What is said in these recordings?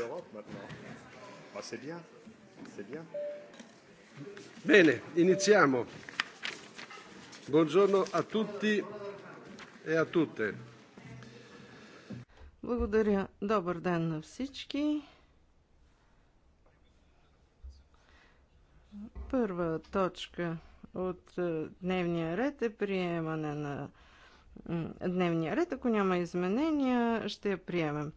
l'Europe maintenant. Bah, c'est bien, c'est bien. Bene, iniziamo. Buongiorno a tutti e a tutte. Благодаря. Добър ден на всички. Първа точка от е, дневния ред е приемане на дневния ред. Ако няма изменения, ще я приемем.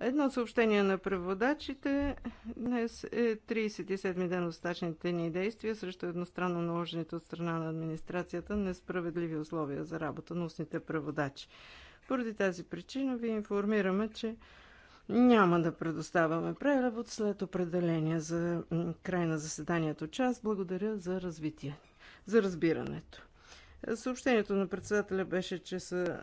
Едно съобщение на преводачите. Днес е 37-ми ден от стачните ни действия срещу едностранно наложените от страна на администрацията несправедливи условия за работа на устните преводачи. Поради тази причина ви информираме, че няма да предоставяме превод след определение за край на заседанието час. Благодаря за развитие, за разбирането. Съобщението на председателя беше, че са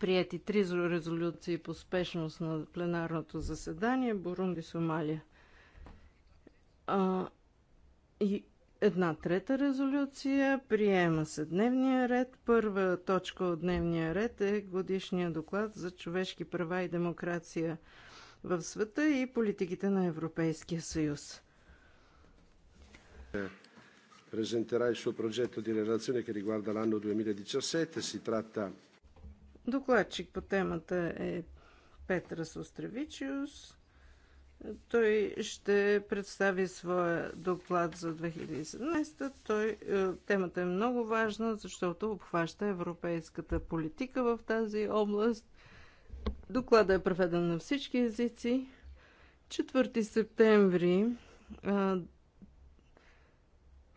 прияти три резолюции по спешност на пленарното заседание Бурунди, Сомалия. А, и една трета резолюция приема се дневния ред. Първа точка от дневния ред е годишния доклад за човешки права и демокрация в света и политиките на Европейския съюз. Presenterà il suo progetto di relazione che riguarda l'anno 2017. Si tratta Докладчик по темата е Петрас Остревичиус. Той ще представи своя доклад за 2017. Той, е, темата е много важна, защото обхваща европейската политика в тази област. Доклада е преведен на всички езици. 4 септември а, е,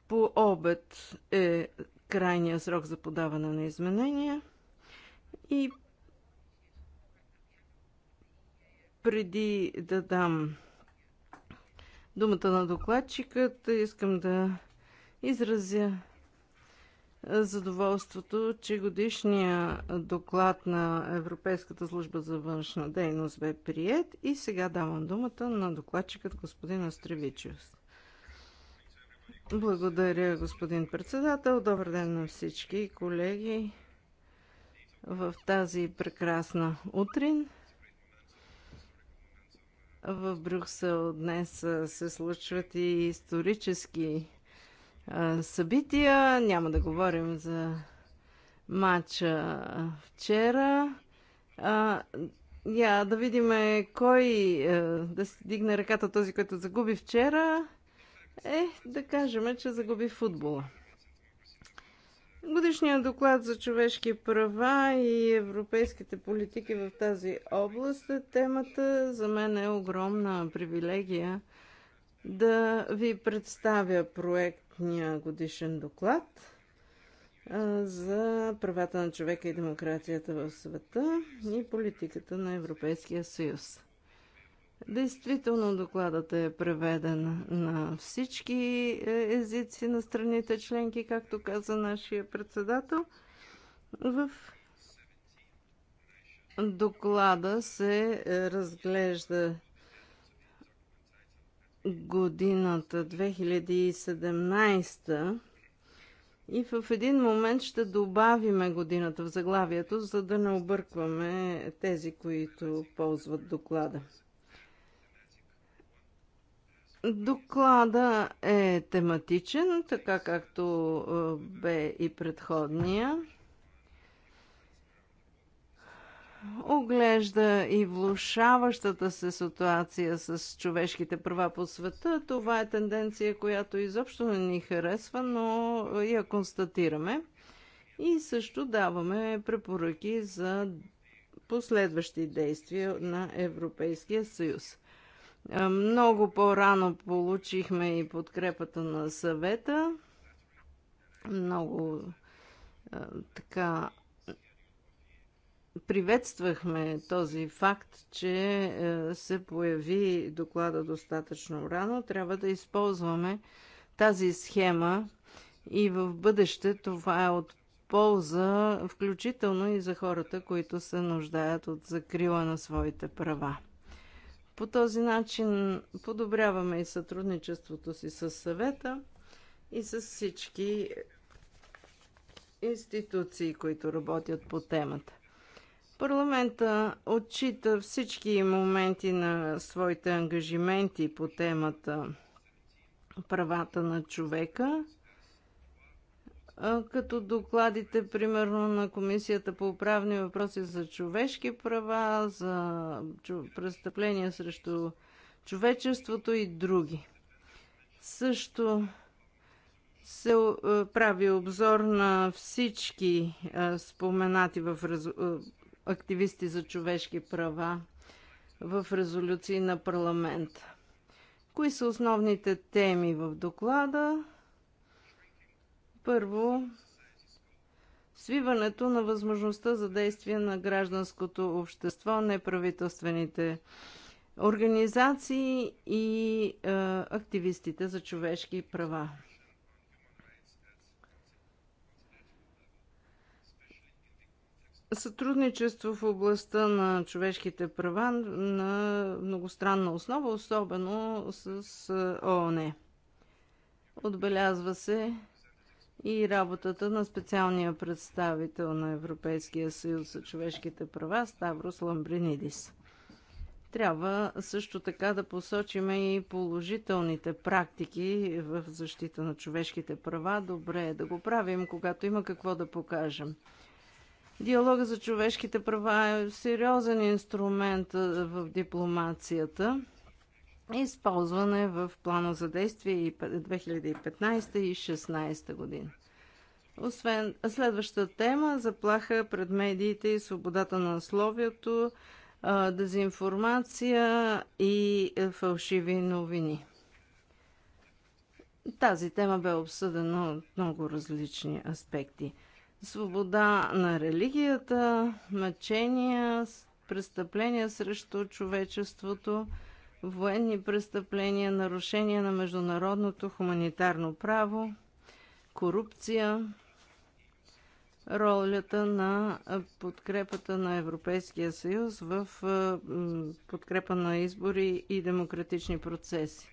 по обед е крайния срок за подаване на изменения. И преди да дам думата на докладчикът, искам да изразя задоволството, че годишния доклад на Европейската служба за външна дейност бе прият и сега давам думата на докладчикът господин Астревичиус. Благодаря, господин председател. Добър ден на всички колеги в тази прекрасна утрин. В Брюксел днес се случват и исторически събития. Няма да говорим за матча вчера. А, я да видим кой да си дигне ръката този, който загуби вчера. Е, да кажем, че загуби футбола. Годишният доклад за човешки права и европейските политики в тази област е темата. За мен е огромна привилегия да ви представя проектния годишен доклад за правата на човека и демокрацията в света и политиката на Европейския съюз. Действително докладът е преведен на всички е, езици на страните членки, както каза нашия председател. В доклада се е, разглежда годината 2017 и в един момент ще добавиме годината в заглавието, за да не объркваме тези, които ползват доклада. Доклада е тематичен, така както е, бе и предходния. Оглежда и влушаващата се ситуация с човешките права по света. Това е тенденция, която изобщо не ни харесва, но я констатираме. И също даваме препоръки за последващи действия на Европейския съюз. Е, много по-рано получихме и подкрепата на съвета. Много е, така приветствахме този факт, че е, се появи доклада достатъчно рано. Трябва да използваме тази схема и в бъдеще това е от полза, включително и за хората, които се нуждаят от закрила на своите права. По този начин подобряваме и сътрудничеството си с съвета и с всички институции, които работят по темата. Парламента отчита всички моменти на своите ангажименти по темата правата на човека като докладите, примерно, на Комисията по правни въпроси за човешки права, за престъпления срещу човечеството и други. Също се е, прави обзор на всички е, споменати в е, активисти за човешки права в резолюции на парламента. Кои са основните теми в доклада? Първо, свиването на възможността за действие на гражданското общество, неправителствените организации и е, активистите за човешки права. Сътрудничество в областта на човешките права на многостранна основа, особено с е, ООН. Отбелязва се и работата на специалния представител на Европейския съюз за човешките права Ставрос Ламбринидис. Трябва също така да посочиме и положителните практики в защита на човешките права. Добре е да го правим, когато има какво да покажем. Диалога за човешките права е сериозен инструмент в дипломацията – използване в плана за действие и 2015 и 2016 година. Освен следваща тема, заплаха пред медиите и свободата на словието, дезинформация и е, фалшиви новини. Тази тема бе обсъдена от много различни аспекти. Свобода на религията, мъчения, престъпления срещу човечеството – военни престъпления, нарушения на международното хуманитарно право, корупция, ролята на подкрепата на Европейския съюз в подкрепа на избори и демократични процеси.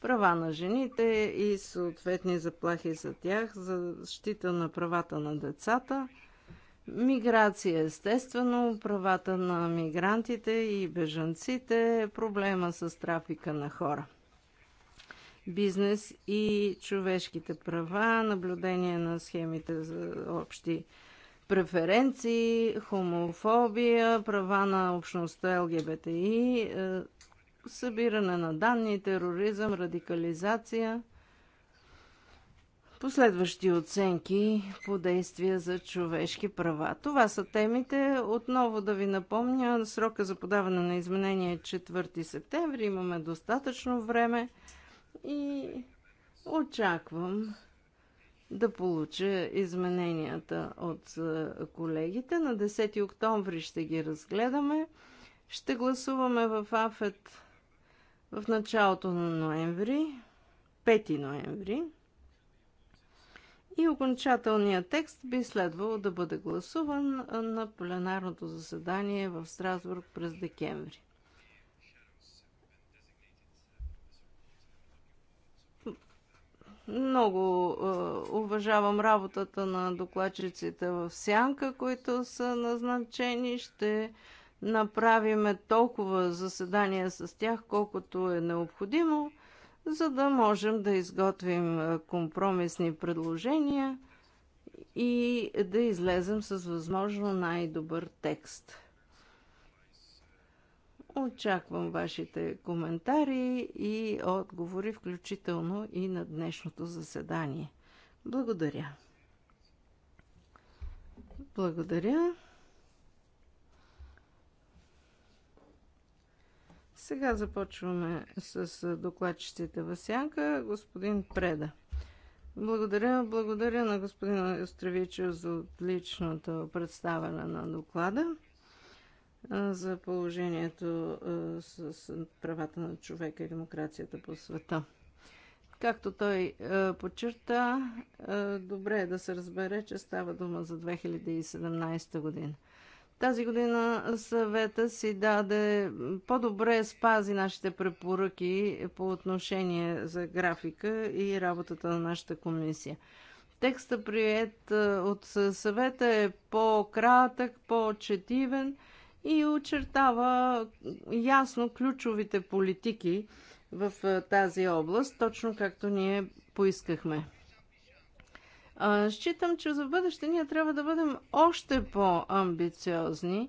Права на жените и съответни заплахи за тях, защита на правата на децата – Миграция, естествено, правата на мигрантите и бежанците, проблема с трафика на хора. Бизнес и човешките права, наблюдение на схемите за общи преференции, хомофобия, права на общността ЛГБТИ, е, събиране на данни, тероризъм, радикализация – Последващи оценки по действия за човешки права. Това са темите. Отново да ви напомня, срока за подаване на изменение е 4 септември. Имаме достатъчно време и очаквам да получа измененията от колегите. На 10 октомври ще ги разгледаме. Ще гласуваме в АФЕТ в началото на ноември, 5 ноември. И окончателният текст би следвало да бъде гласуван на пленарното заседание в Страсбург през декември. Много е, уважавам работата на докладчиците в Сянка, които са назначени. Ще направиме толкова заседания с тях, колкото е необходимо за да можем да изготвим компромисни предложения и да излезем с възможно най-добър текст. Очаквам вашите коментари и отговори, включително и на днешното заседание. Благодаря. Благодаря. Сега започваме с докладчиците Васянка, господин Преда. Благодаря, благодаря на господин Островичев за отличното представяне на доклада за положението с правата на човека и демокрацията по света. Както той подчерта, добре е да се разбере, че става дума за 2017 година. Тази година съвета си даде по-добре спази нашите препоръки по отношение за графика и работата на нашата комисия. Текста прият е, от съвета е по-кратък, по-четивен и очертава ясно ключовите политики в е, тази област, точно както ние поискахме. Считам, че за бъдеще ние трябва да бъдем още по-амбициозни,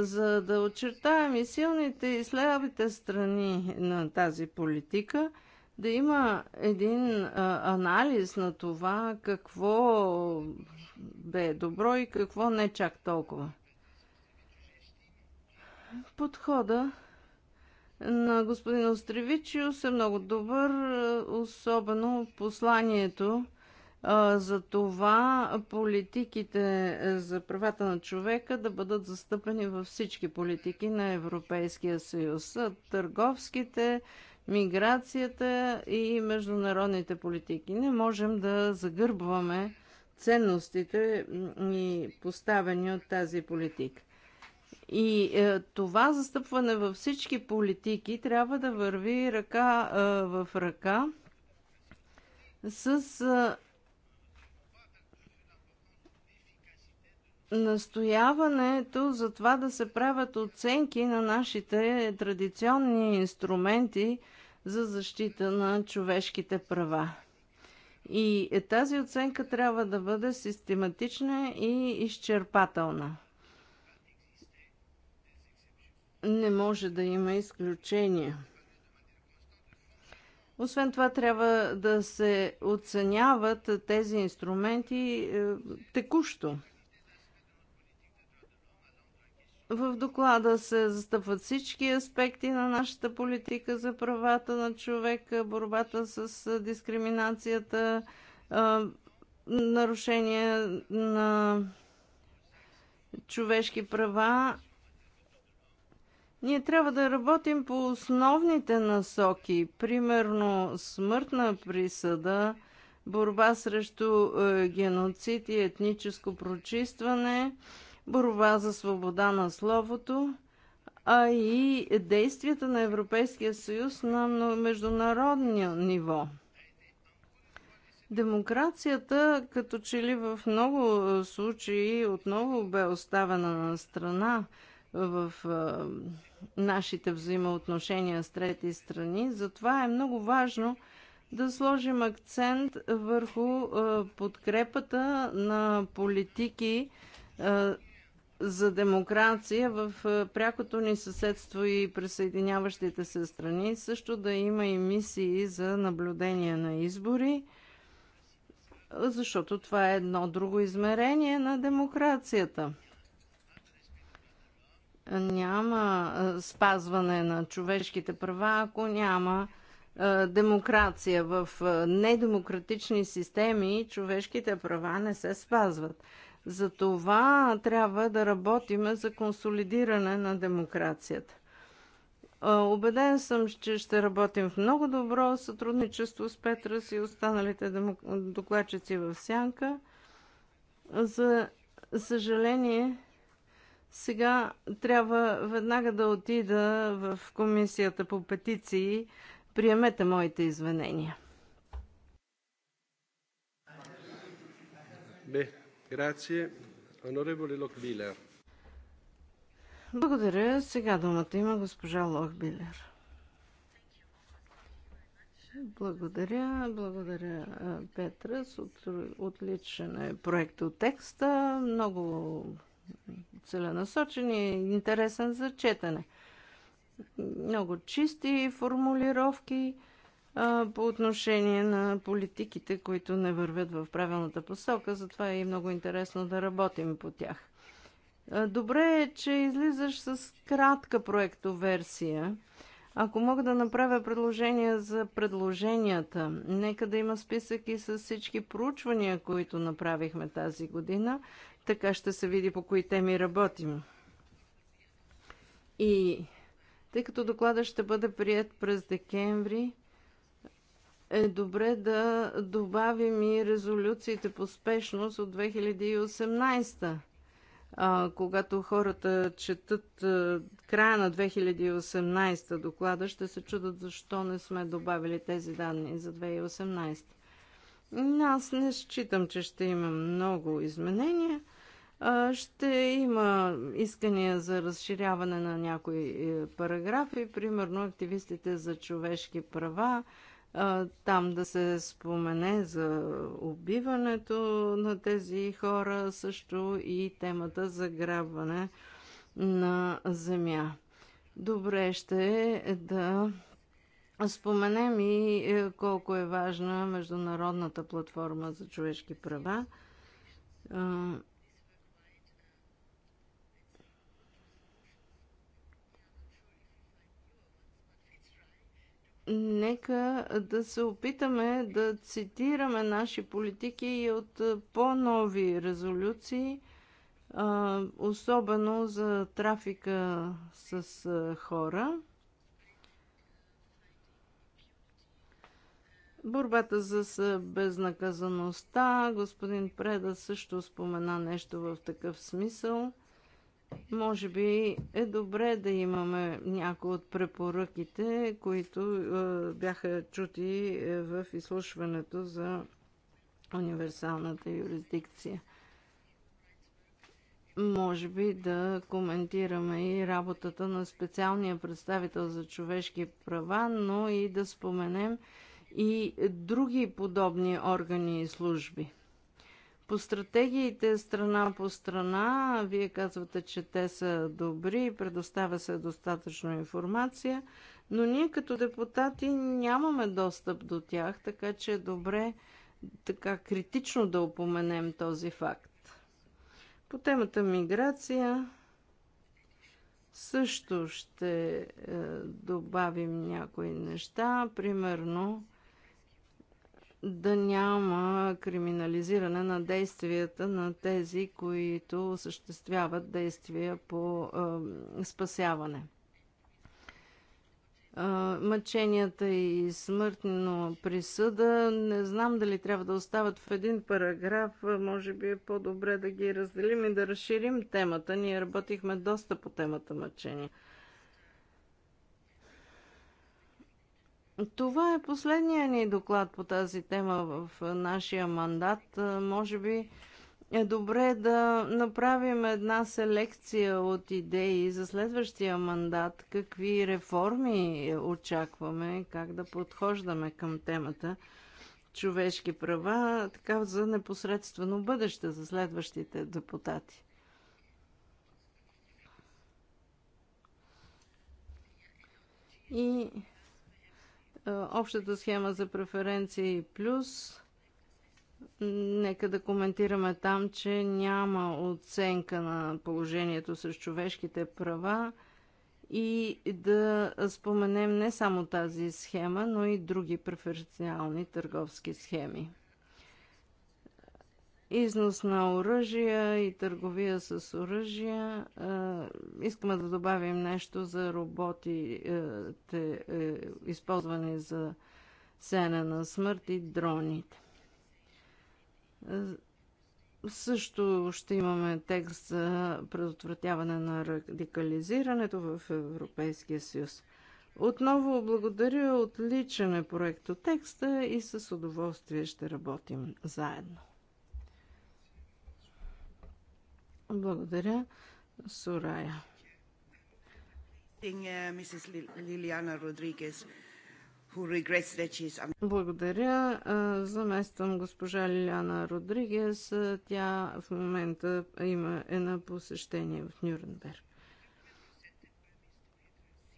за да очертаем и силните и слабите страни на тази политика, да има един анализ на това какво бе добро и какво не чак толкова. Подхода на господин Остревичиус е много добър, особено посланието, за това политиките е, за правата на човека да бъдат застъпени във всички политики на Европейския съюз. Търговските, миграцията и международните политики. Не можем да загърбваме ценностите ни поставени от тази политика. И е, това застъпване във всички политики трябва да върви ръка е, в ръка с е, настояването за това да се правят оценки на нашите традиционни инструменти за защита на човешките права. И е, тази оценка трябва да бъде систематична и изчерпателна. Не може да има изключения. Освен това, трябва да се оценяват тези инструменти е, текущо в доклада се застъпват всички аспекти на нашата политика за правата на човека, борбата с дискриминацията, нарушение на човешки права. Ние трябва да работим по основните насоки, примерно смъртна присъда, борба срещу геноцид и етническо прочистване – борба за свобода на словото, а и действията на Европейския съюз на международния ниво. Демокрацията, като че ли в много случаи отново бе оставена на страна в нашите взаимоотношения с трети страни, затова е много важно да сложим акцент върху подкрепата на политики за демокрация в е, прякото ни съседство и присъединяващите се страни, също да има и мисии за наблюдение на избори, защото това е едно друго измерение на демокрацията. Няма е, спазване на човешките права, ако няма е, демокрация. В недемократични системи човешките права не се спазват. За това трябва да работиме за консолидиране на демокрацията. Обеден съм, че ще работим в много добро сътрудничество с Петрас и останалите докладчици в Сянка. За съжаление, сега трябва веднага да отида в комисията по петиции. Приемете моите извинения. Бе. Grazie. Локбилер. Благодаря. Сега думата има госпожа Лохбилер. Благодаря, благодаря Петра. Отличен е проект от текста, много целенасочен и интересен за четене. Много чисти формулировки по отношение на политиките, които не вървят в правилната посока, затова е и много интересно да работим по тях. Добре е, че излизаш с кратка проектоверсия. Ако мога да направя предложение за предложенията, нека да има списък и с всички проучвания, които направихме тази година, така ще се види по кои теми работим. И тъй като доклада ще бъде прият през декември, е добре да добавим и резолюциите по спешност от 2018 а, когато хората четат а, края на 2018 доклада, ще се чудат защо не сме добавили тези данни за 2018. Аз не считам, че ще има много изменения. А, ще има искания за разширяване на някои е, параграфи, примерно активистите за човешки права, там да се спомене за убиването на тези хора, също и темата за грабване на земя. Добре ще е да споменем и е, колко е важна Международната платформа за човешки права. нека да се опитаме да цитираме наши политики и от по-нови резолюции, особено за трафика с хора. Борбата за безнаказаността, господин Преда също спомена нещо в такъв смисъл. Може би е добре да имаме някои от препоръките, които е, бяха чути е, в изслушването за универсалната юрисдикция. Може би да коментираме и работата на специалния представител за човешки права, но и да споменем и други подобни органи и служби. По стратегиите страна по страна, вие казвате, че те са добри, предоставя се достатъчно информация, но ние като депутати нямаме достъп до тях, така че е добре така критично да упоменем този факт. По темата миграция също ще е, добавим някои неща, примерно да няма криминализиране на действията на тези, които осъществяват действия по е, спасяване. Е, мъченията и смъртно присъда, не знам дали трябва да остават в един параграф, може би е по-добре да ги разделим и да разширим темата. Ние работихме доста по темата мъчения. Това е последния ни доклад по тази тема в нашия мандат. Може би е добре да направим една селекция от идеи за следващия мандат, какви реформи очакваме, как да подхождаме към темата човешки права, така за непосредствено бъдеще за следващите депутати. И е, общата схема за преференции плюс. Нека да коментираме там, че няма оценка на положението с човешките права и да споменем не само тази схема, но и други преференциални търговски схеми износ на оръжия и търговия с оръжия. Искаме да добавим нещо за роботите, е, използвани за сена на смърт и дроните. Също ще имаме текст за предотвратяване на радикализирането в Европейския съюз. Отново благодаря, отличен е текста и с удоволствие ще работим заедно. Благодаря, Сурая. Е, Благодаря. Замествам госпожа Лилиана Родригес. Тя в момента има, е на посещение в Нюрнберг.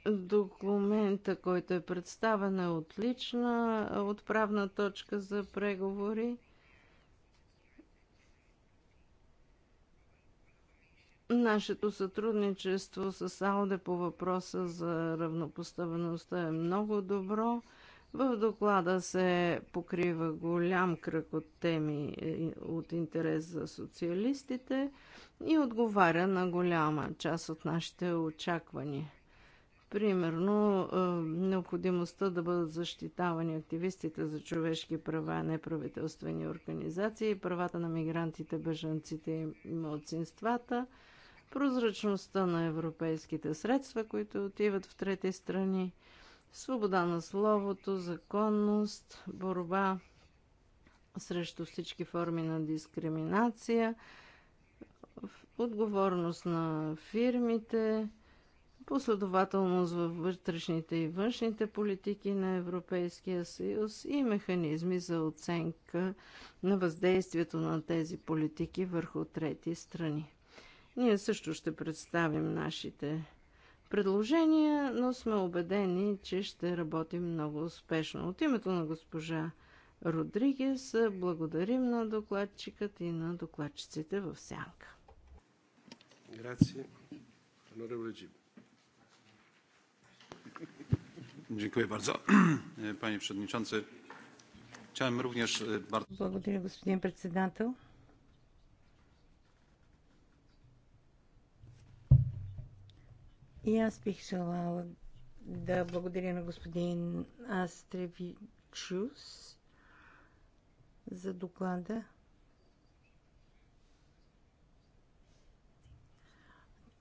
Документа, който е представен, е отлична отправна точка за преговори. Нашето сътрудничество с АОДЕ по въпроса за равнопоставеността е много добро. В доклада се покрива голям кръг от теми от интерес за социалистите и отговаря на голяма част от нашите очаквания. Примерно, е, необходимостта да бъдат защитавани активистите за човешки права, неправителствени организации, правата на мигрантите, бежанците и младсинствата – прозрачността на европейските средства, които отиват в трети страни, свобода на словото, законност, борба срещу всички форми на дискриминация, отговорност на фирмите, последователност във вътрешните и външните политики на Европейския съюз и механизми за оценка на въздействието на тези политики върху трети страни. Ние също ще представим нашите предложения, но сме убедени, че ще работим много успешно. От името на госпожа Родригес благодарим на докладчикът и на докладчиците в Сянка. Благодаря, господин председател. И аз бих желала да благодаря на господин Астревичус за доклада.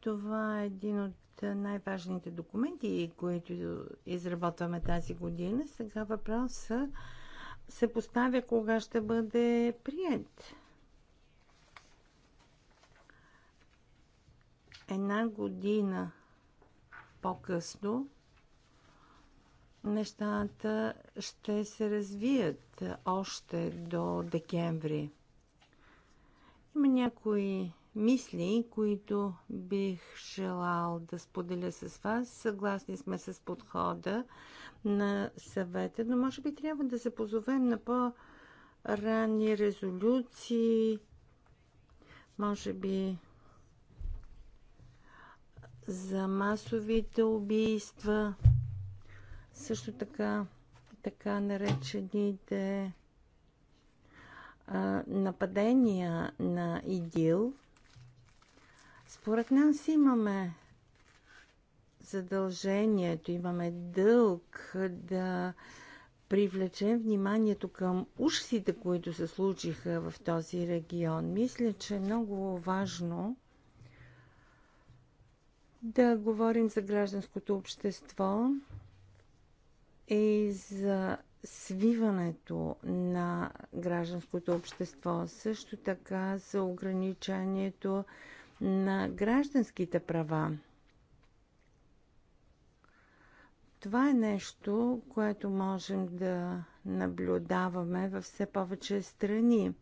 Това е един от най-важните документи, които изработваме тази година. Сега въпроса се поставя кога ще бъде прият. Една година по-късно нещата ще се развият още до декември. Има някои мисли, които бих желал да споделя с вас. Съгласни сме с подхода на съвета, но може би трябва да се позовем на по-ранни резолюции, може би за масовите убийства, също така така наречените а, нападения на ИДИЛ. Според нас имаме задължението, имаме дълг да привлечем вниманието към ушсите, които се случиха в този регион. Мисля, че е много важно да говорим за гражданското общество и за свиването на гражданското общество, също така за ограничението на гражданските права. Това е нещо, което можем да наблюдаваме във все повече страни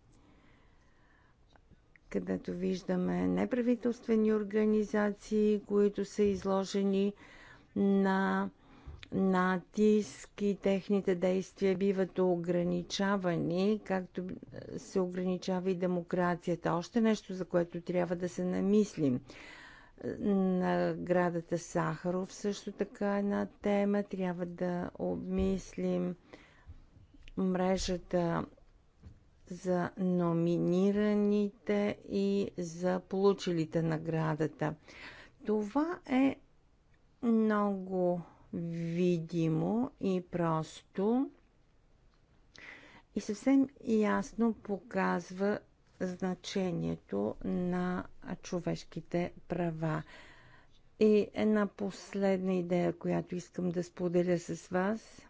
където виждаме неправителствени организации, които са изложени на натиск и техните действия биват ограничавани, както се ограничава и демокрацията. Още нещо, за което трябва да се намислим. Наградата Сахаров също така е една тема. Трябва да обмислим мрежата за номинираните и за получилите наградата. Това е много видимо и просто и съвсем ясно показва значението на човешките права. И една последна идея, която искам да споделя с вас.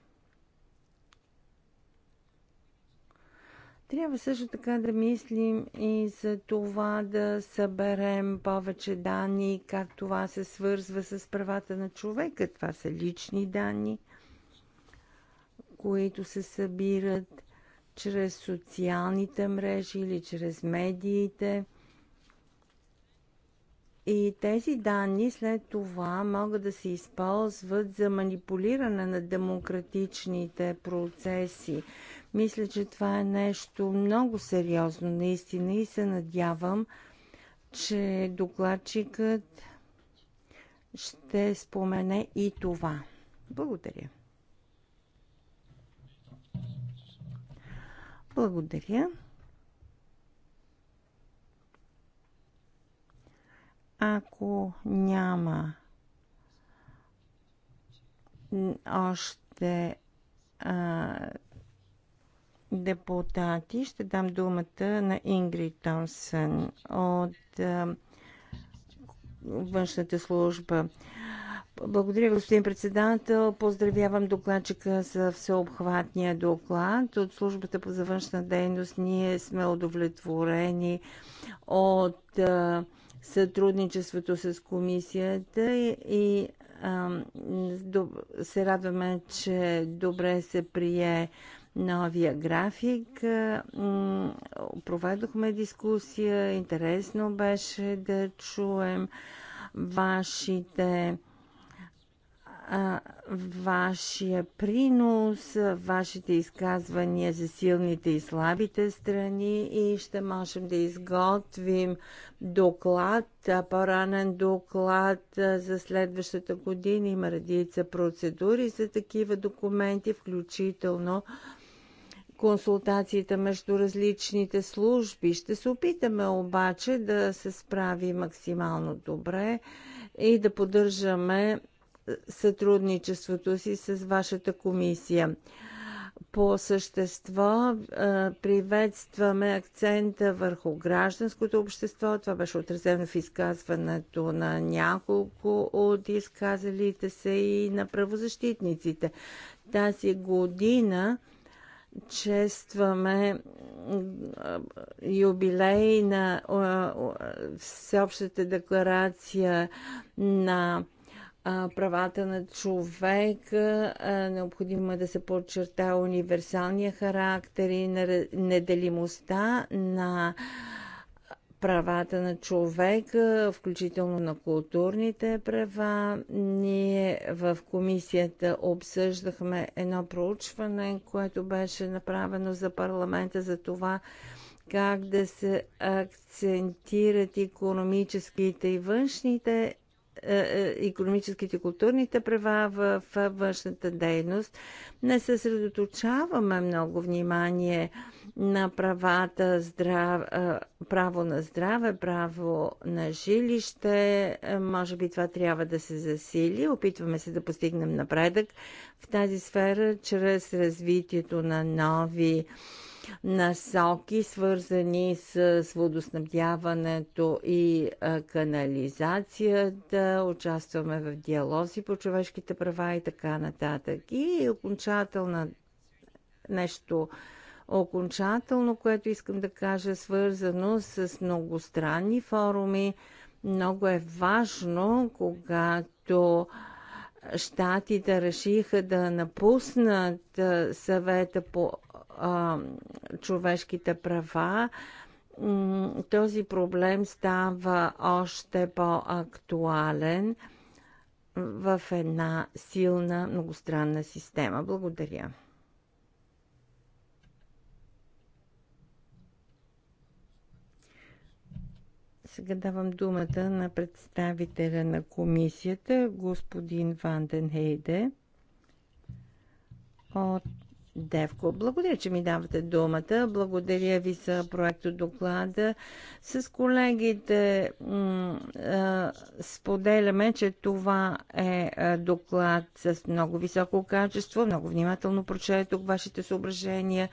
Трябва също така да мислим и за това да съберем повече данни, как това се свързва с правата на човека. Това са лични данни, които се събират чрез социалните мрежи или чрез медиите. И тези данни след това могат да се използват за манипулиране на демократичните процеси. Мисля, че това е нещо много сериозно наистина и се надявам, че докладчикът ще спомене и това. Благодаря. Благодаря. Ако няма още а, депутати. Ще дам думата на Ингрид Томсън от външната служба. Благодаря, господин председател. Поздравявам докладчика за всеобхватния доклад. От службата по завършна дейност ние сме удовлетворени от сътрудничеството с комисията и, и се радваме, че добре се прие новия график. Е, проведохме дискусия, интересно беше да чуем вашите вашия принос, вашите изказвания за силните и слабите страни и ще можем да изготвим доклад, по-ранен доклад за следващата година. Има редица процедури за такива документи, включително консултациите между различните служби. Ще се опитаме обаче да се справи максимално добре и да поддържаме сътрудничеството си с вашата комисия. По същество приветстваме акцента върху гражданското общество. Това беше отразено в изказването на няколко от изказалите се и на правозащитниците. Тази година честваме юбилей на Всеобщата декларация на правата на човека, необходимо е да се подчертава универсалния характер и неделимостта на правата на човека, включително на културните права. Ние в комисията обсъждахме едно проучване, което беше направено за парламента за това как да се акцентират економическите и външните економическите е, и културните права в външната дейност. Не съсредоточаваме много внимание на правата, здрав... Е, право на здраве, право на жилище. Е, може би това трябва да се засили. Опитваме се да постигнем напредък в тази сфера чрез развитието на нови насоки, свързани с водоснабдяването и канализацията, участваме в диалози по човешките права и така нататък. И окончателно нещо окончателно, което искам да кажа, свързано с многостранни форуми. Много е важно, когато щатите решиха да напуснат съвета по а, човешките права, този проблем става още по-актуален в една силна многостранна система. Благодаря. Сега давам думата на представителя на комисията, господин Ванден Хейде от Девко. Благодаря, че ми давате думата. Благодаря ви за проекто доклада. С колегите споделяме, че това е доклад с много високо качество. Много внимателно прочетох вашите съображения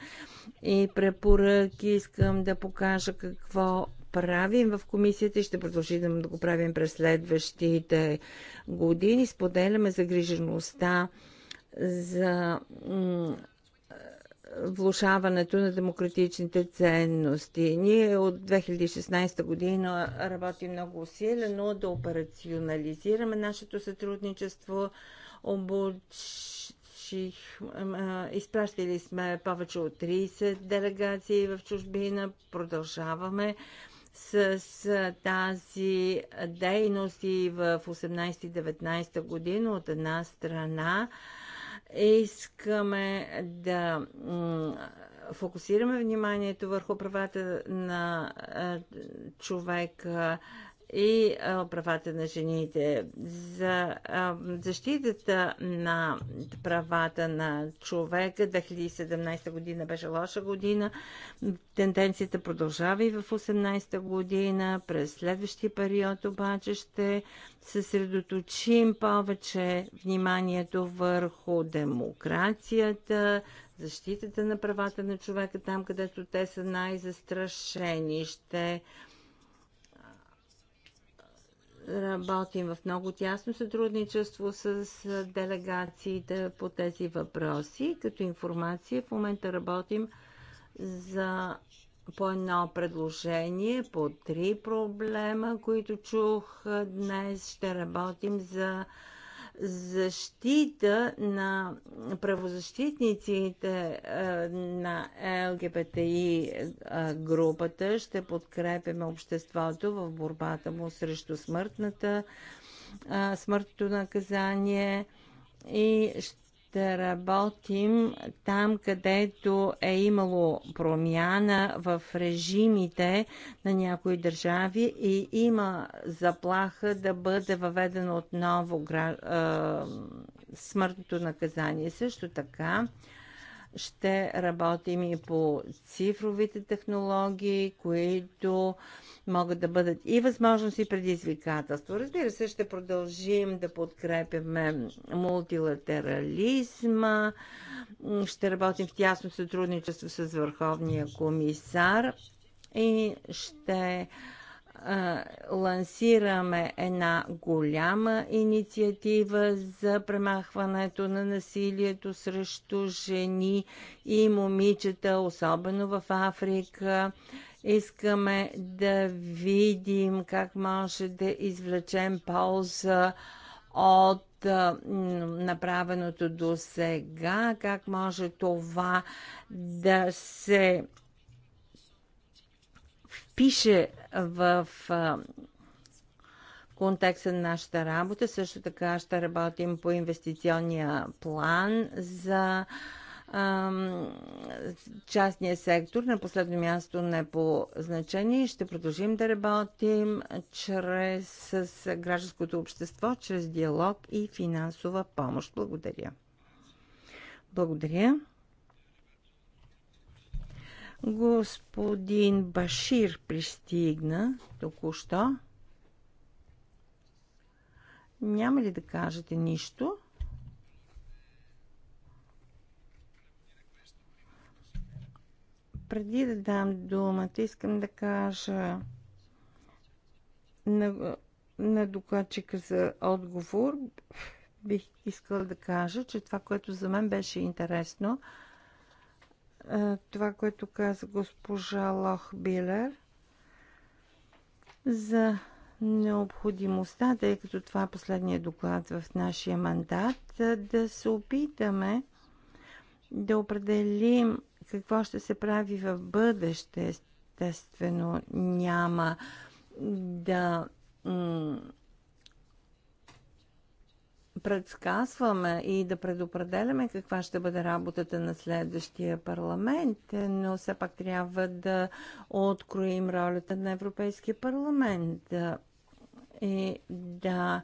и препоръки. Искам да покажа какво правим в комисията и ще продължим да го правим през следващите години. Споделяме загрижеността за влушаването на демократичните ценности. Ние от 2016 година работим много усилено да операционализираме нашето сътрудничество. Обучих, изпращали сме повече от 30 делегации в чужбина. Продължаваме с, с тази дейност и в 18-19 година от една страна Искаме да фокусираме вниманието върху правата на човека, и правата на жените, за защитата на правата на човека. 2017 година беше лоша година. Тенденцията продължава и в 2018 година. През следващия период обаче ще съсредоточим повече вниманието върху демокрацията, защитата на правата на човека там, където те са най-застрашени. Ще Работим в много тясно сътрудничество с делегациите по тези въпроси. Като информация в момента работим за по едно предложение, по три проблема, които чух днес. Ще работим за защита на правозащитниците е, на ЛГБТИ е, групата. Ще подкрепяме обществото в борбата му срещу смъртната е, смъртното наказание и ще да работим там, където е имало промяна в режимите на някои държави и има заплаха да бъде въведено отново смъртното наказание. Също така, ще работим и по цифровите технологии, които могат да бъдат и възможности и предизвикателство. Разбира се, ще продължим да подкрепяме мултилатерализма, ще работим в тясно сътрудничество с Върховния комисар и ще лансираме една голяма инициатива за премахването на насилието срещу жени и момичета, особено в Африка. Искаме да видим как може да извлечем полза от направеното до сега, как може това да се пише в контекста на нашата работа. Също така ще работим по инвестиционния план за частния сектор. На последно място не по значение. Ще продължим да работим чрез, с гражданското общество, чрез диалог и финансова помощ. Благодаря. Благодаря. Господин Башир пристигна току-що. Няма ли да кажете нищо? Преди да дам думата, искам да кажа на, на докладчика за отговор. Бих искала да кажа, че това, което за мен беше интересно, това, което каза госпожа Лохбилер за необходимостта, тъй като това е последният доклад в нашия мандат, да се опитаме да определим какво ще се прави в бъдеще. Естествено, няма да предсказваме и да предопределяме каква ще бъде работата на следващия парламент, но все пак трябва да откроим ролята на Европейския парламент и да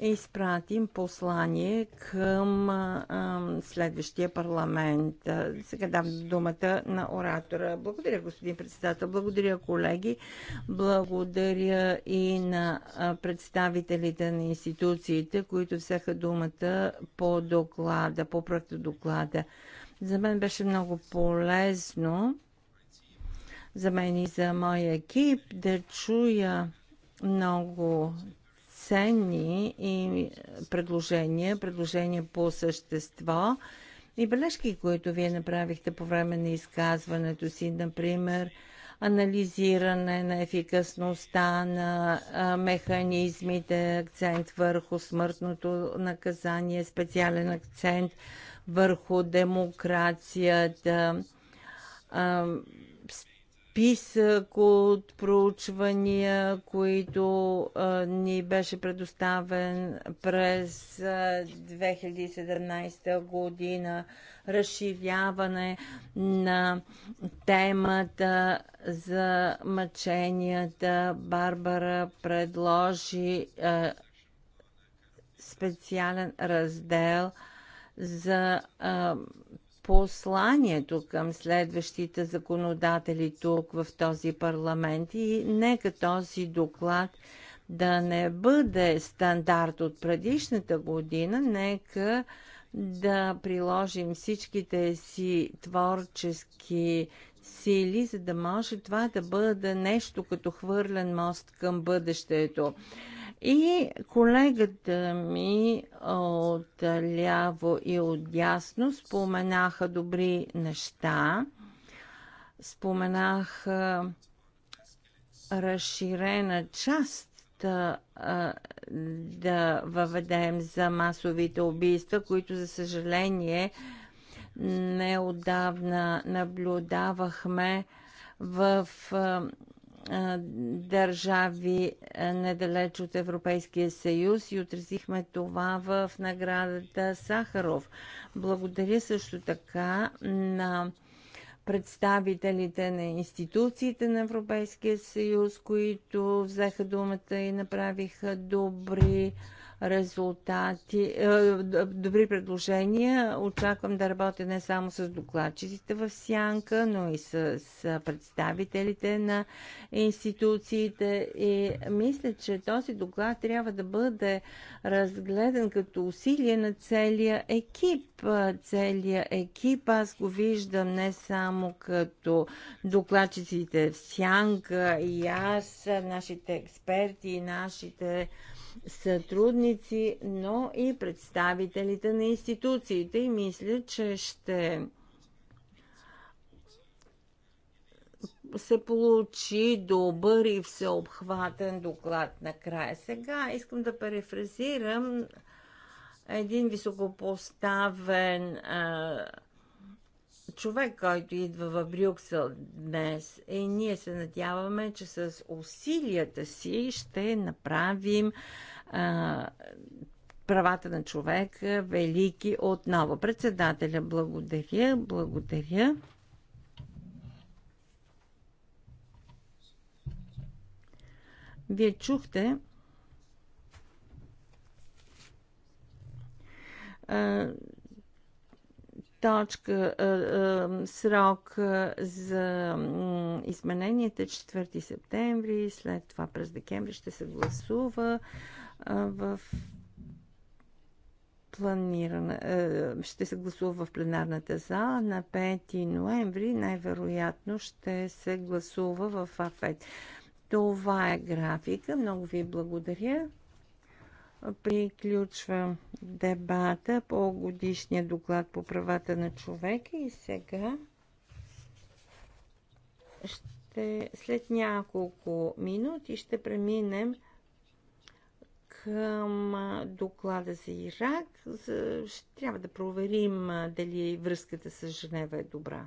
е изпратим послание към а, следващия парламент. Сега дам думата на оратора. Благодаря, господин председател. Благодаря, колеги. Благодаря и на представителите на институциите, които взеха думата по доклада, по проекта доклада. За мен беше много полезно, за мен и за моя екип, да чуя много ценни и предложения, предложения по същество и бележки, които вие направихте по време на изказването си, например, анализиране на ефикасността на механизмите, акцент върху смъртното наказание, специален акцент върху демокрацията, списък от проучвания, които а, ни беше предоставен през а, 2017 година, разширяване на темата за мъченията. Барбара предложи а, специален раздел за а, посланието към следващите законодатели тук в този парламент и нека този доклад да не бъде стандарт от предишната година, нека да приложим всичките си творчески сили, за да може това да бъде нещо като хвърлен мост към бъдещето. И колегата ми от ляво и от дясно споменаха добри неща, споменаха разширена част да, да въведем за масовите убийства, които за съжаление неодавна наблюдавахме в държави недалеч от Европейския съюз и отразихме това в наградата Сахаров. Благодаря също така на представителите на институциите на Европейския съюз, които взеха думата и направиха добри резултати, е, добри предложения. Очаквам да работя не само с докладчиците в Сянка, но и с представителите на институциите. И мисля, че този доклад трябва да бъде разгледан като усилие на целия екип. Целия екип аз го виждам не само като докладчиците в Сянка и аз, нашите експерти и нашите сътрудници, но и представителите на институциите и мисля, че ще се получи добър и всеобхватен доклад накрая. Сега искам да перефразирам един високопоставен а, човек, който идва в Брюксел днес. И е, ние се надяваме, че с усилията си ще направим а, правата на човека велики отново. Председателя, благодаря, благодаря. Вие чухте а, точка, срок за измененията 4 септември, след това през декември ще се гласува в планирана, ще се гласува в пленарната зала на 5 ноември, най-вероятно ще се гласува в АФЕТ. Това е графика. Много ви благодаря приключва дебата по годишния доклад по правата на човека и сега ще, след няколко минути ще преминем към доклада за Ирак. Ще трябва да проверим дали връзката с Женева е добра.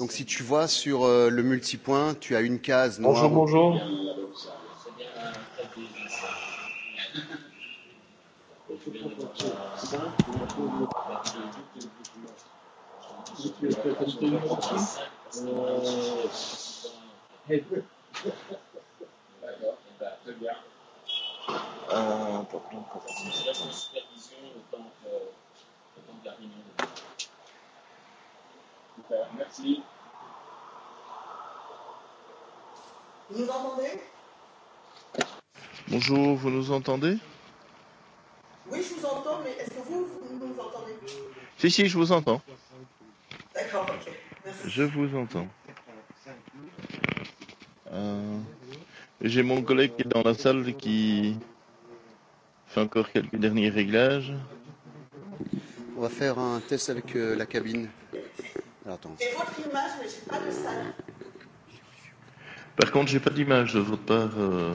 Donc si tu vois sur le multipoint, tu as une case noire. Bonjour, bonjour. entendez Oui, je vous entends, mais est-ce que vous, vous nous entendez Si, si, je vous entends. D'accord, ok. Merci. Je vous entends. Euh, J'ai mon collègue qui est dans la salle qui fait encore quelques derniers réglages. On va faire un test avec euh, la cabine. Alors, attends. J'ai votre image, mais je pas de salle. Par contre, je n'ai pas d'image de votre part. Euh...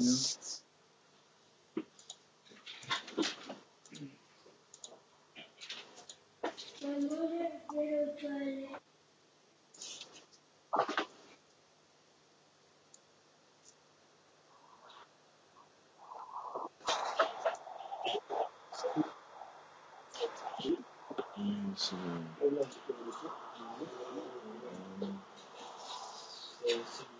ます。うん、すごい。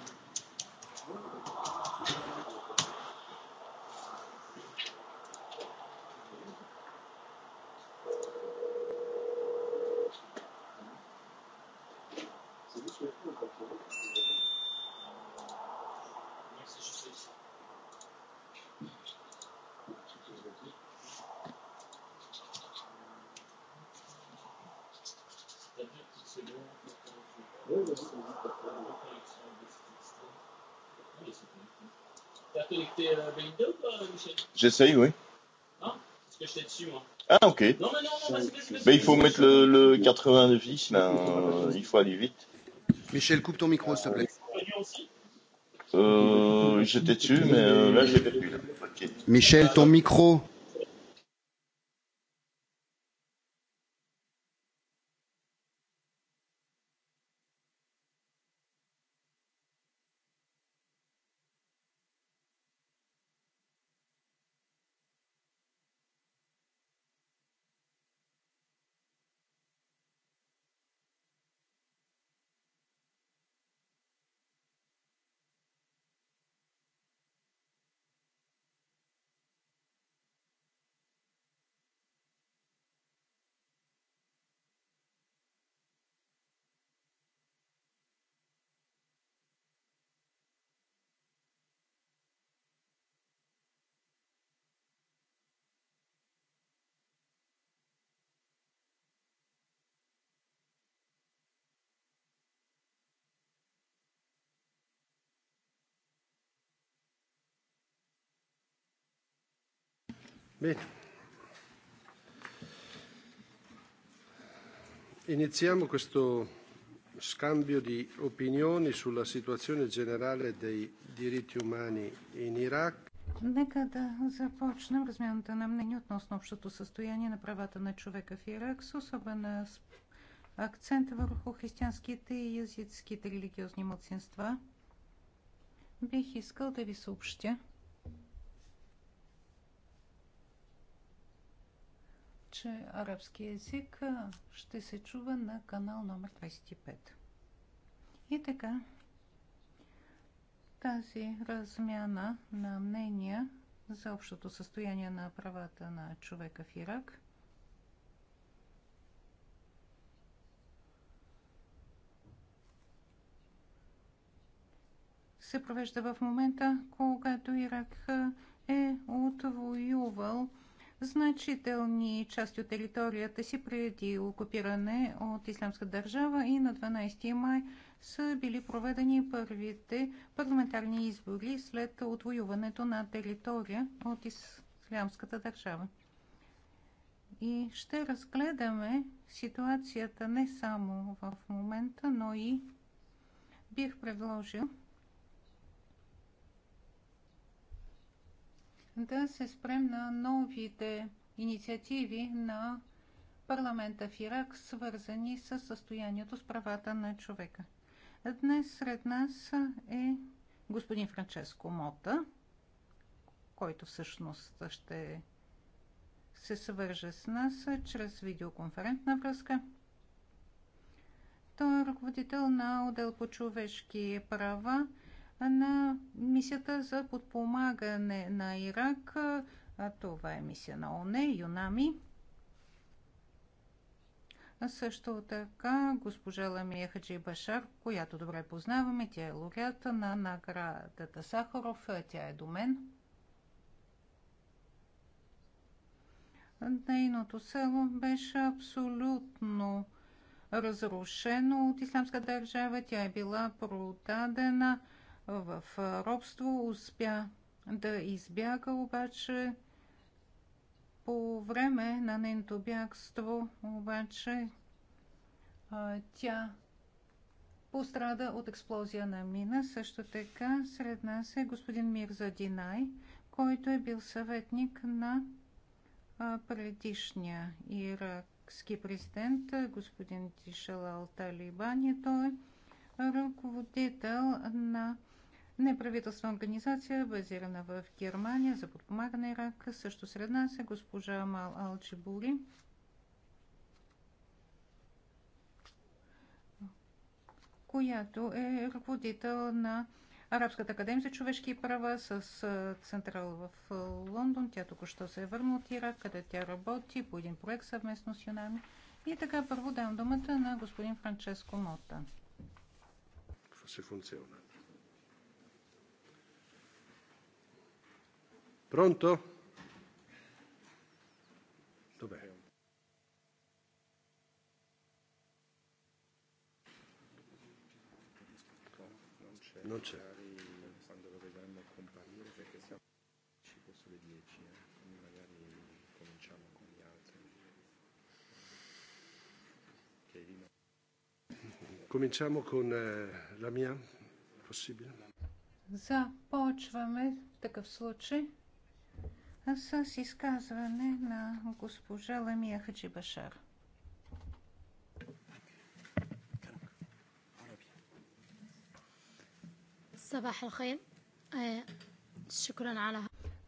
J'essaye, oui. Hein Parce que j'étais dessus, moi. Ah, ok. Non, mais non, non, vas-y, vas-y. Vas Mais il faut mettre le, le 90, là. Euh, il faut aller vite. Michel, coupe ton micro, s'il te plaît. Euh, j'étais dessus, mais euh, là, j'ai perdu. Là. Okay. Michel, ton micro. Bene. Iniziamo questo scambio di opinioni sulla situazione generale dei diritti umani in Iraq. Нека да започнем размяната на мнение относно общото състояние на правата на човека в Ирак с особена акцент върху християнските и язидските религиозни младсинства. Бих искал да ви съобщя, че арабски език ще се чува на канал номер 25. И така, тази размяна на мнения за общото състояние на правата на човека в Ирак се провежда в момента, когато Ирак е отвоювал значителни части от територията си преди окупиране от Исламска държава и на 12 май са били проведени първите парламентарни избори след отвоюването на територия от Ислямската държава. И ще разгледаме ситуацията не само в момента, но и бих предложил да се спрем на новите инициативи на парламента в Ирак, свързани с състоянието с правата на човека. Днес сред нас е господин Франческо Мота, който всъщност ще се свърже с нас чрез видеоконферентна връзка. Той е ръководител на отдел по човешки права на мисията за подпомагане на Ирак. Това е мисия на ОНЕ, ЮНАМИ. А също така госпожа Ламия Хаджи Башар, която добре познаваме, тя е лауреата на наградата Сахаров, тя е до мен. Нейното село беше абсолютно разрушено от исламска държава. Тя е била продадена в робство, успя да избяга, обаче по време на нейното бягство, обаче тя пострада от експлозия на мина. Също така сред нас е господин Мирза Динай, който е бил съветник на предишния иракски президент, господин Тишалал Талибан и той е ръководител на неправителствена организация, базирана в Германия за подпомагане на Ирак. Също сред нас е госпожа Мал Алджибури. която е ръководител на Арабската академия за човешки права с централ в Лондон. Тя току-що се е върнала от Ирак, къде тя работи по един проект съвместно с Юнами. И така първо давам думата на господин Франческо Мота. Какво се функционира? Pronto? Dov'è? Non c'è. Quando dovevamo comparire perché siamo sulle 10, quindi magari cominciamo con gli altri. Cominciamo con la mia, possibile? Започваме в такъв случай с изказване на госпожа Ламия Хаджибашар. Е,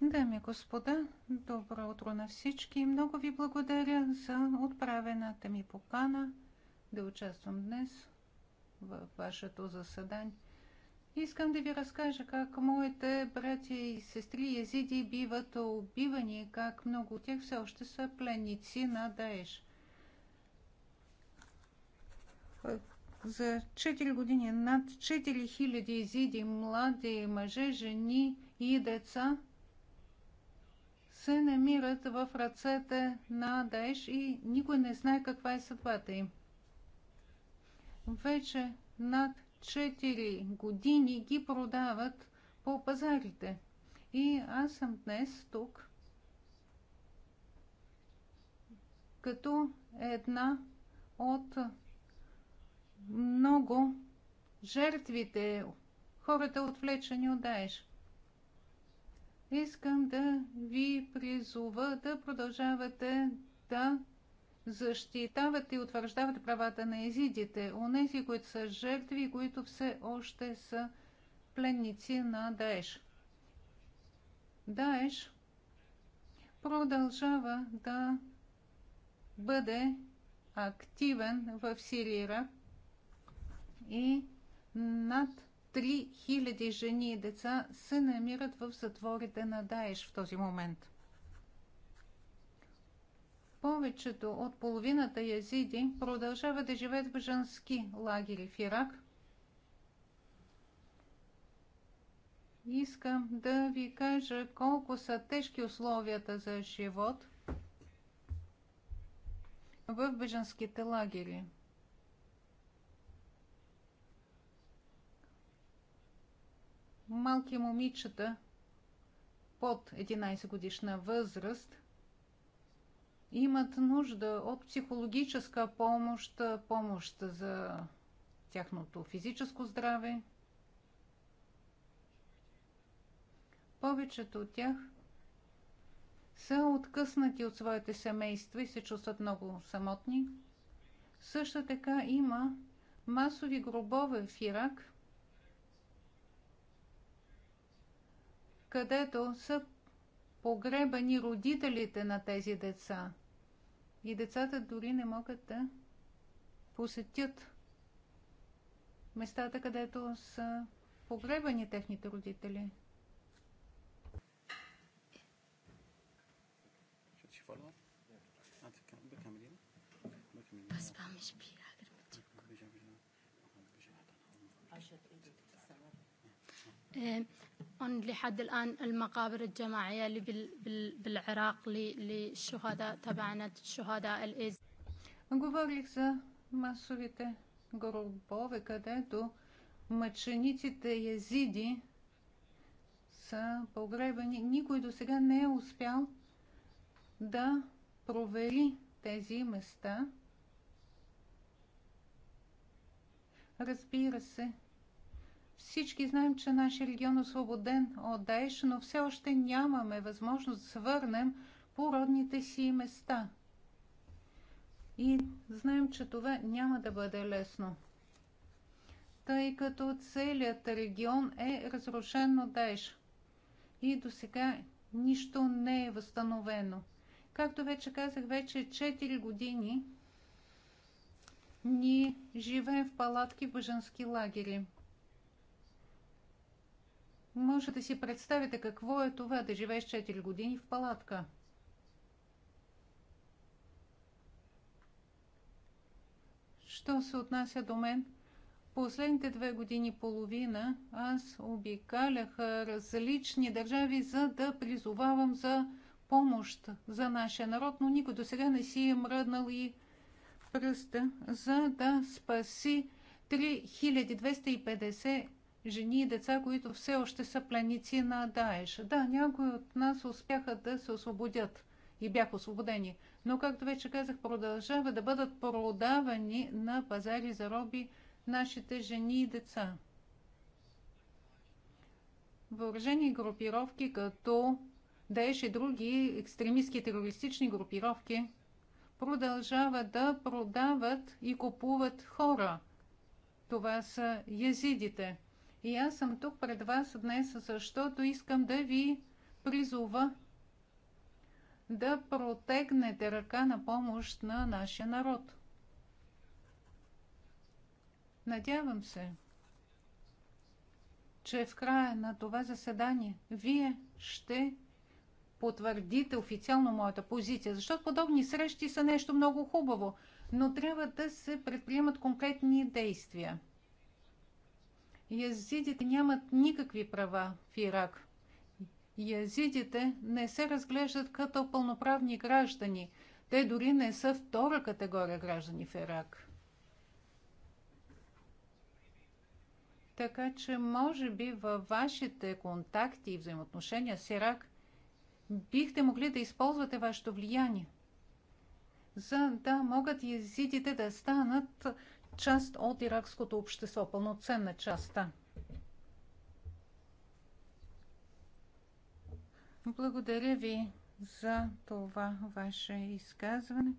Дами и господа, добро утро на всички. Много ви благодаря за отправената ми покана да участвам днес в вашето заседание. Искам да ви разкажа как моите братя и сестри езиди биват убивани, как много от тях все още са пленници на Даеш. За 4 години над 4000 езиди, млади мъже, жени и деца се намират в ръцете на Даеш и никой не знае каква е съдбата им. Вече над 4 години ги продават по пазарите. И аз съм днес тук като една от много жертвите, хората отвлечени от Даеш. Искам да ви призова да продължавате да защитават и утвърждават правата на езидите, онези, които са жертви и които все още са пленници на Даеш. Даеш продължава да бъде активен в Сирия и над 3000 жени и деца се намират в затворите на Даеш в този момент. Повечето от половината язиди продължават да живеят в женски лагери в Ирак. Искам да ви кажа колко са тежки условията за живот в беженските лагери. малки момичета под 11 годишна възраст имат нужда от психологическа помощ, помощ за тяхното физическо здраве. Повечето от тях са откъснати от своите семейства и се чувстват много самотни. Също така има масови гробове в Ирак, където са погребани родителите на тези деца – и децата дори не могат да посетят местата, където са погребани техните родители. Е, لحد الآن المقابر الجماعية اللي بالعراق للشهداء تبعنا الشهداء الإز Говорих за масовите гробове, където мъчениците язиди са погребани. Никой до сега не е успял да провери тези места. Разбира се, всички знаем, че нашия регион е освободен от Даеш, но все още нямаме възможност да се върнем по родните си места. И знаем, че това няма да бъде лесно, тъй като целият регион е разрушен от Даеш. И до сега нищо не е възстановено. Както вече казах, вече 4 години ние живеем в палатки в бъженски лагери. Може да си представите какво е това да живееш 4 години в палатка. Що се отнася до мен? Последните две години и половина аз обикалях различни държави, за да призовавам за помощ за нашия народ, но никой до сега не си е мръднал и пръста, за да спаси 3250 жени и деца, които все още са пленици на Даеш. Да, някои от нас успяха да се освободят и бяха освободени, но, както вече казах, продължава да бъдат продавани на пазари за роби нашите жени и деца. Въоръжени групировки като Даеш и други екстремистски терористични групировки продължават да продават и купуват хора. Това са язидите – и аз съм тук пред вас днес, защото искам да ви призова да протегнете ръка на помощ на нашия народ. Надявам се, че в края на това заседание вие ще потвърдите официално моята позиция, защото подобни срещи са нещо много хубаво, но трябва да се предприемат конкретни действия язидите нямат никакви права в Ирак. Язидите не се разглеждат като пълноправни граждани. Те дори не са втора категория граждани в Ирак. Така че, може би, във вашите контакти и взаимоотношения с Ирак бихте могли да използвате вашето влияние, за да могат езидите да станат част от иракското общество, пълноценна частта. Благодаря ви за това ваше изказване.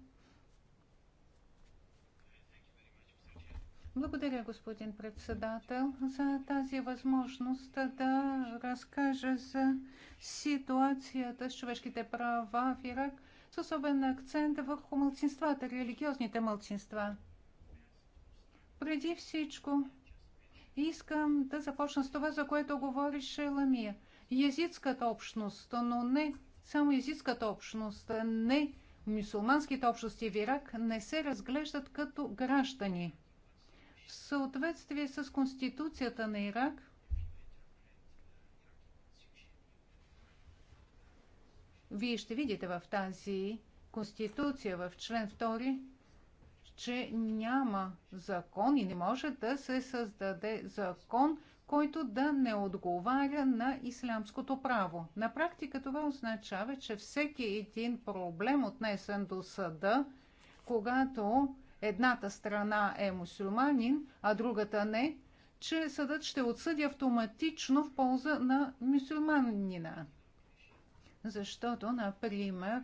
Благодаря, господин председател, за тази възможност да разкажа за ситуацията с човешките права в Ирак с особен акцент върху мълцинствата, религиозните мълцинства. Преди всичко искам да започна с това, за което говорише Ламия. Езицката общност, но не само езитската общност, не мусулманските общности в Ирак не се разглеждат като граждани. В съответствие с Конституцията на Ирак, вие ще видите в тази Конституция, в член 2, че няма закон и не може да се създаде закон, който да не отговаря на ислямското право. На практика това означава, че всеки един проблем, отнесен до съда, когато едната страна е мусульманин, а другата не, че съдът ще отсъди автоматично в полза на мусульманина. Защото, например,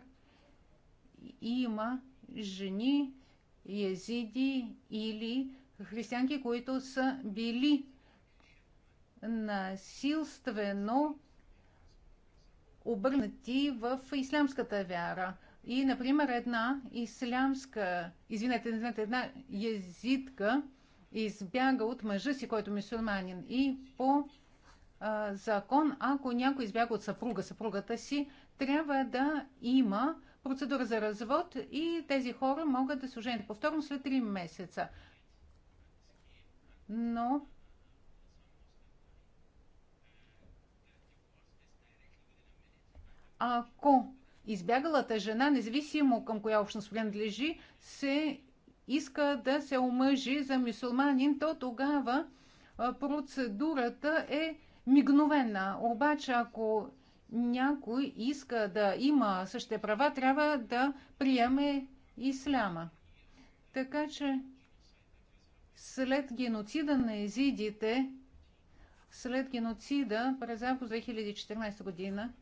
има жени, езиди или християнки, които са били насилствено обърнати в ислямската вяра. И, например, една ислямска, извинете, извинете една езидка избяга от мъжа си, който е мусулманин. И по закон, ако някой избяга от съпруга, съпругата си, трябва да има процедура за развод и тези хора могат да се оженят повторно след 3 месеца. Но ако избягалата жена, независимо към коя общност принадлежи, се иска да се омъжи за мусулманин, то тогава процедурата е мигновена. Обаче, ако някой иска да има същите права, трябва да приеме исляма. Така че след геноцида на езидите, след геноцида през август 2014 година,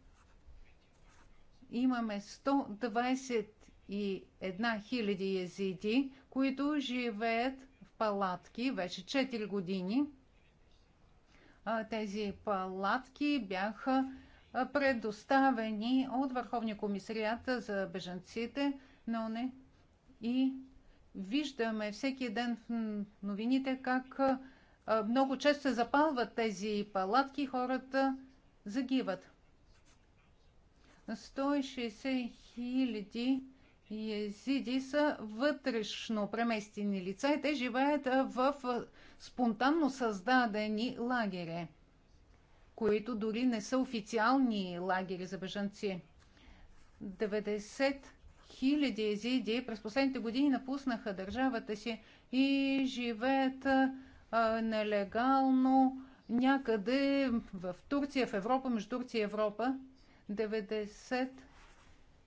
имаме 121 000 езиди, които живеят в палатки вече 4 години – тези палатки бяха предоставени от Върховния комисариат за бежанците на ОНЕ и виждаме всеки ден в новините как много често се запалват тези палатки, хората загиват. 160 хиляди езиди са вътрешно преместени лица и те живеят в спонтанно създадени лагери, които дори не са официални лагери за бежанци. 90 хиляди езиди през последните години напуснаха държавата си и живеят а, нелегално някъде в Турция, в Европа, между Турция и Европа. 90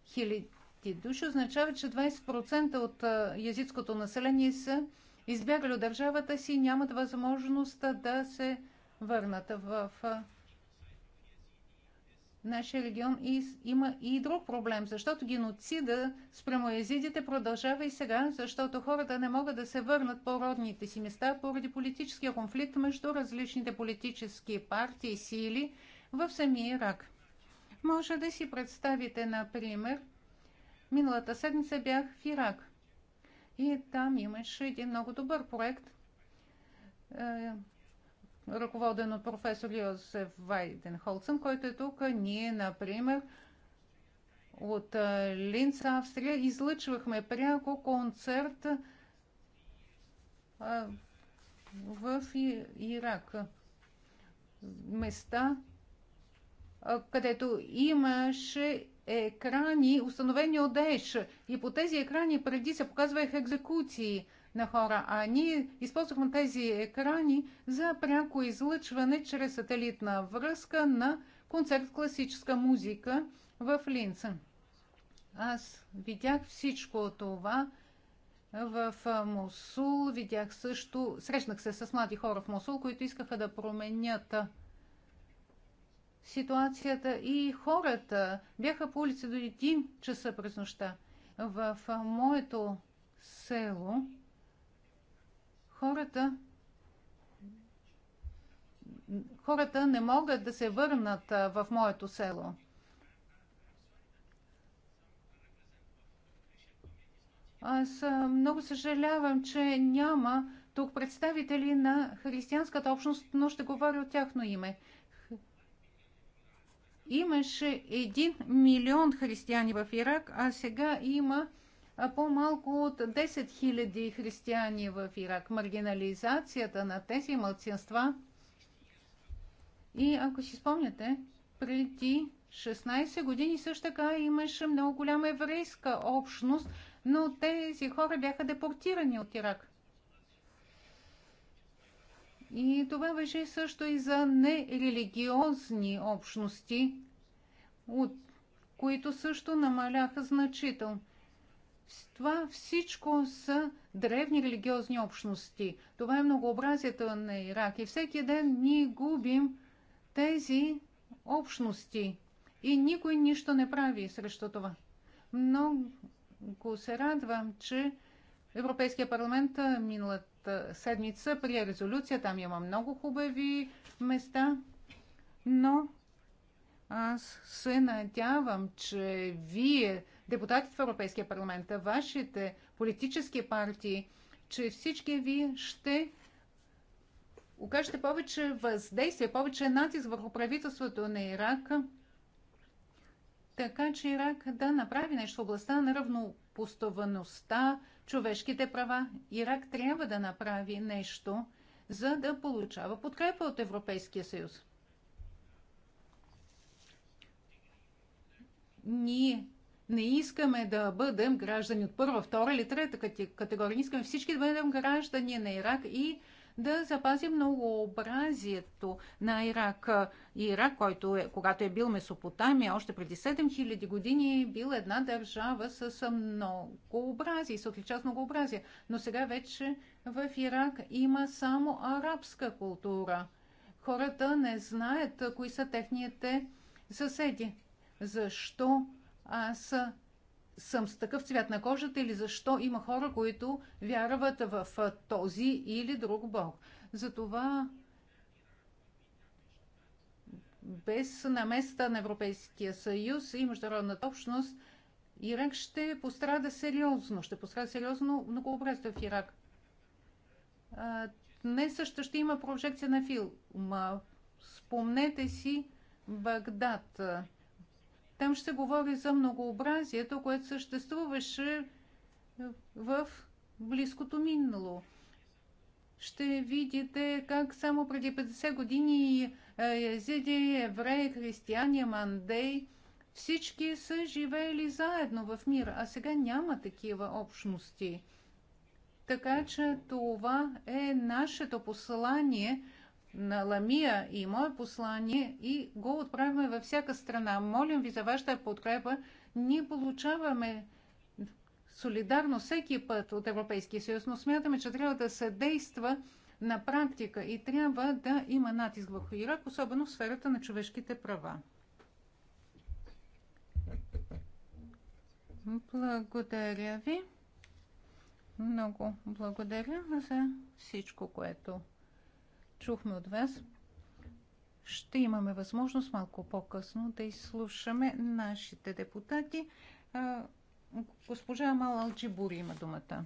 хиляди 000 души означава, че 20% от езицкото население са избягали от държавата си и нямат възможност да се върнат в нашия регион. И има и друг проблем, защото геноцида спрямо езидите продължава и сега, защото хората не могат да се върнат по родните си места поради политическия конфликт между различните политически партии и сили в самия Ирак. Може да си представите, например, Миналата седмица бях в Ирак и там имаше един много добър проект, е, ръководен от професор Йосеф Вайден Вайденхолцен, който е тук. Ние, например, от е, Линц, Австрия, излъчвахме пряко концерт е, в Ирак. Места, където имаше екрани, установени от ДЕШ. И по тези екрани преди се показваха екзекуции на хора, а ние използвахме тези екрани за пряко излъчване чрез сателитна връзка на концерт класическа музика в Линца. Аз видях всичко това в Мусул, видях също, срещнах се с млади хора в Мусул, които искаха да променят ситуацията и хората бяха по улица до 1 часа през нощта. В моето село хората хората не могат да се върнат в моето село. Аз много съжалявам, че няма тук представители на християнската общност, но ще говоря от тяхно име. Имаше 1 милион християни в Ирак, а сега има по-малко от 10 000 християни в Ирак. Маргинализацията на тези мълцинства и ако си спомняте, преди 16 години също така имаше много голяма еврейска общност, но тези хора бяха депортирани от Ирак. И това въжи също и за нерелигиозни общности, от които също намаляха значително. Това всичко са древни религиозни общности. Това е многообразието на Ирак. И всеки ден ние губим тези общности. И никой нищо не прави срещу това. Много се радвам, че Европейския парламент миналата седмица при резолюция. Там има много хубави места, но аз се надявам, че вие, депутатите в Европейския парламент, вашите политически партии, че всички вие ще окажете повече въздействие, повече натиск върху правителството на Ирак, така че Ирак да направи нещо в областта на равнопоставеността човешките права, Ирак трябва да направи нещо, за да получава подкрепа от Европейския съюз. Ние не искаме да бъдем граждани от първа, втора или трета категория. Искаме всички да бъдем граждани на Ирак и да запази многообразието на Ирак. Ирак, който е, когато е бил Месопотамия, още преди 7000 години е бил една държава с многообразие, с отлича с многообразие. Но сега вече в Ирак има само арабска култура. Хората не знаят кои са техните съседи. Защо аз съм с такъв цвят на кожата или защо има хора, които вярват в този или друг Бог. Затова без наместа на Европейския съюз и международната общност, Ирак ще пострада сериозно. Ще пострада сериозно многообразието в Ирак. Днес също ще има прожекция на филма. Спомнете си Багдад. Там ще говори за многообразието, което съществуваше в близкото минало. Ще видите как само преди 50 години езиди, евреи, християни, мандей, всички са живеели заедно в мир, а сега няма такива общности. Така че това е нашето послание – на Ламия и мое послание и го отправяме във всяка страна. Молим ви за вашата подкрепа. Ние получаваме солидарно всеки път от Европейския съюз, но смятаме, че трябва да се действа на практика и трябва да има натиск върху Ирак, особено в сферата на човешките права. Благодаря ви. Много благодаря за всичко, което чухме от вас. Ще имаме възможност малко по-късно да изслушаме нашите депутати. Госпожа Амал Алджибури има думата.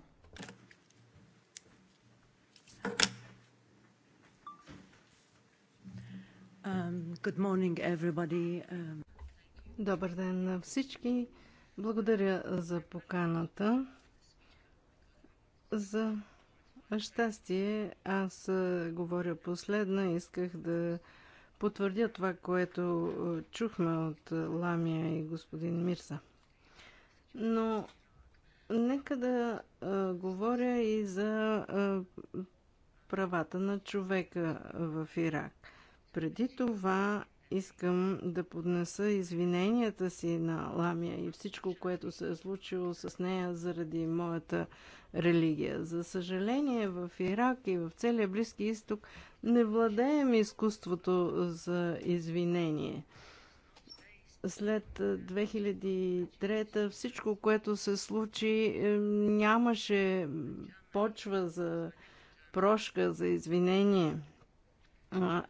Um, good morning, everybody. Um, Добър ден на всички. Благодаря за поканата. За щастие аз говоря последна. Исках да потвърдя това, което чухме от Ламия и господин Мирса. Но нека да а, говоря и за а, правата на човека в Ирак. Преди това искам да поднеса извиненията си на Ламия и всичко, което се е случило с нея заради моята религия. За съжаление, в Ирак и в целия Близки изток не владеем изкуството за извинение. След 2003 всичко, което се случи, е, нямаше почва за прошка, за извинение –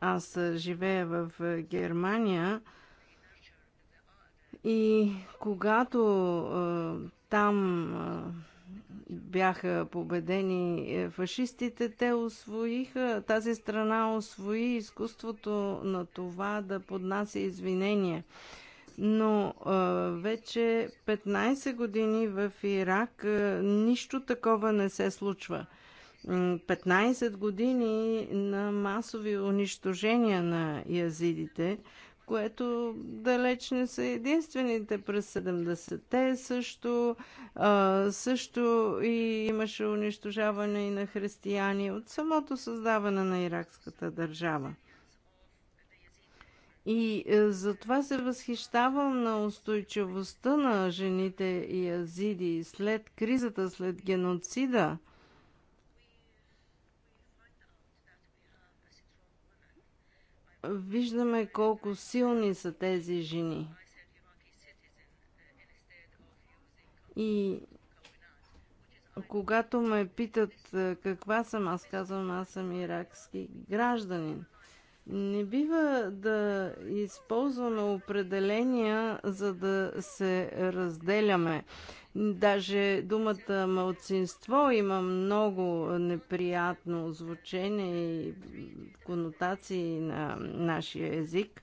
аз живея в Германия и когато там бяха победени е, фашистите, те освоиха, тази страна освои изкуството на това да поднася извинения. Но а, вече 15 години в Ирак а, нищо такова не се случва. 15 години на масови унищожения на язидите, което далеч не са единствените през 70-те. Също, също и имаше унищожаване и на християни от самото създаване на иракската държава. И е, затова се възхищавам на устойчивостта на жените и азиди след кризата, след геноцида виждаме колко силни са тези жени. И когато ме питат каква съм, аз казвам, аз съм иракски гражданин. Не бива да използваме определения, за да се разделяме. Даже думата малцинство има много неприятно звучение и конотации на нашия език.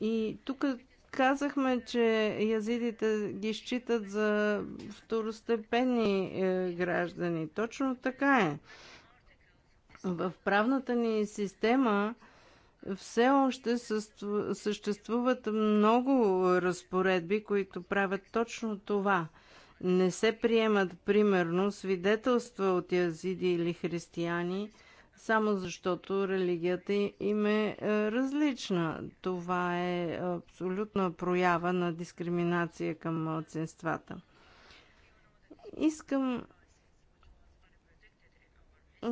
И тук казахме, че язидите ги считат за второстепенни е, граждани. Точно така е. В правната ни система все още съществуват много разпоредби, които правят точно това. Не се приемат, примерно, свидетелства от язиди или християни, само защото религията им е, е различна. Това е абсолютна проява на дискриминация към младсенствата. Искам